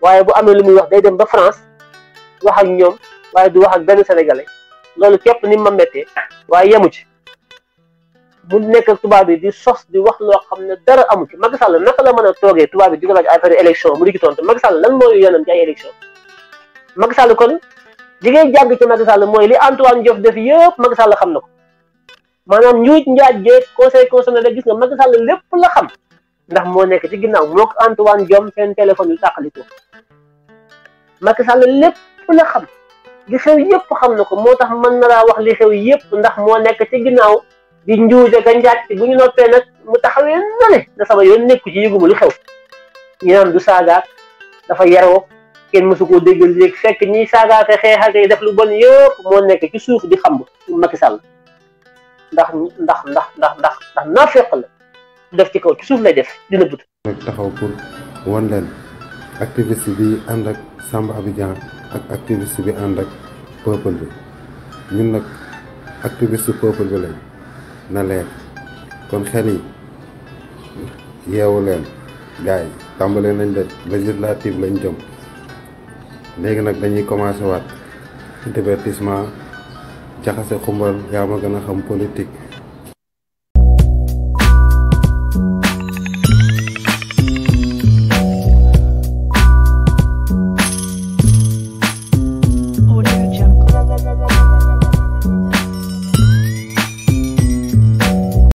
waaye bu amee lu muy wax day dem ba France wax ak ñoom waaye du wax ak benn sénégalais loolu képp ni ma méttee waaye yemu ci mu nekk ak tubaab bi di sos di wax loo xam ne dara amu ci Macky Sall naka la mën a toogee tubaab bi di ko laaj affaire élection mu di ci tontu Macky Sall lan mooy yoonam ci ay élection Macky Sall kon li ngay jàng ci Macky mooy li Antoine Diop def yëpp Macky Sall xam na ko maanaam njuuj njaaj jeeg conseil constitutionnel gis nga Macky Sall lépp la xam ndax moo nekk ci ginnaaw moo ko Antoine Diop seen téléphone yu tàqali ko Macky Sall lépp la xam di xew yëpp xam na ko moo tax mën na laa wax li xew yëpp ndax moo nekk ci ginnaaw di njuuj ak njaaj ci bu ñu mu taxawee na ne sama yoon nekku ci yëguma lu xew ñu naan du saagaat dafa yaroo kenn mësu koo déggal léeg fekk ñiy saagaate xeexal kay def lu bon yëpp moo nekk ci suuf di xam Macky Sall ndax ndax ndax ndax ndax ndax naafeq la def ci kaw ci suuf lay def dina but taxaw pour wan leen activiste bi ànd Samba Abidjan ak activiste bi ànd ak peuple bi ñun nag activiste peuple bi lañ na leer kon xel yi yeewu leen gars yi tàmbale nañ de législative lañ jëm léegi nag dañuy commencé waat divertissement jaxase xumbal yaa ma gën a xam politique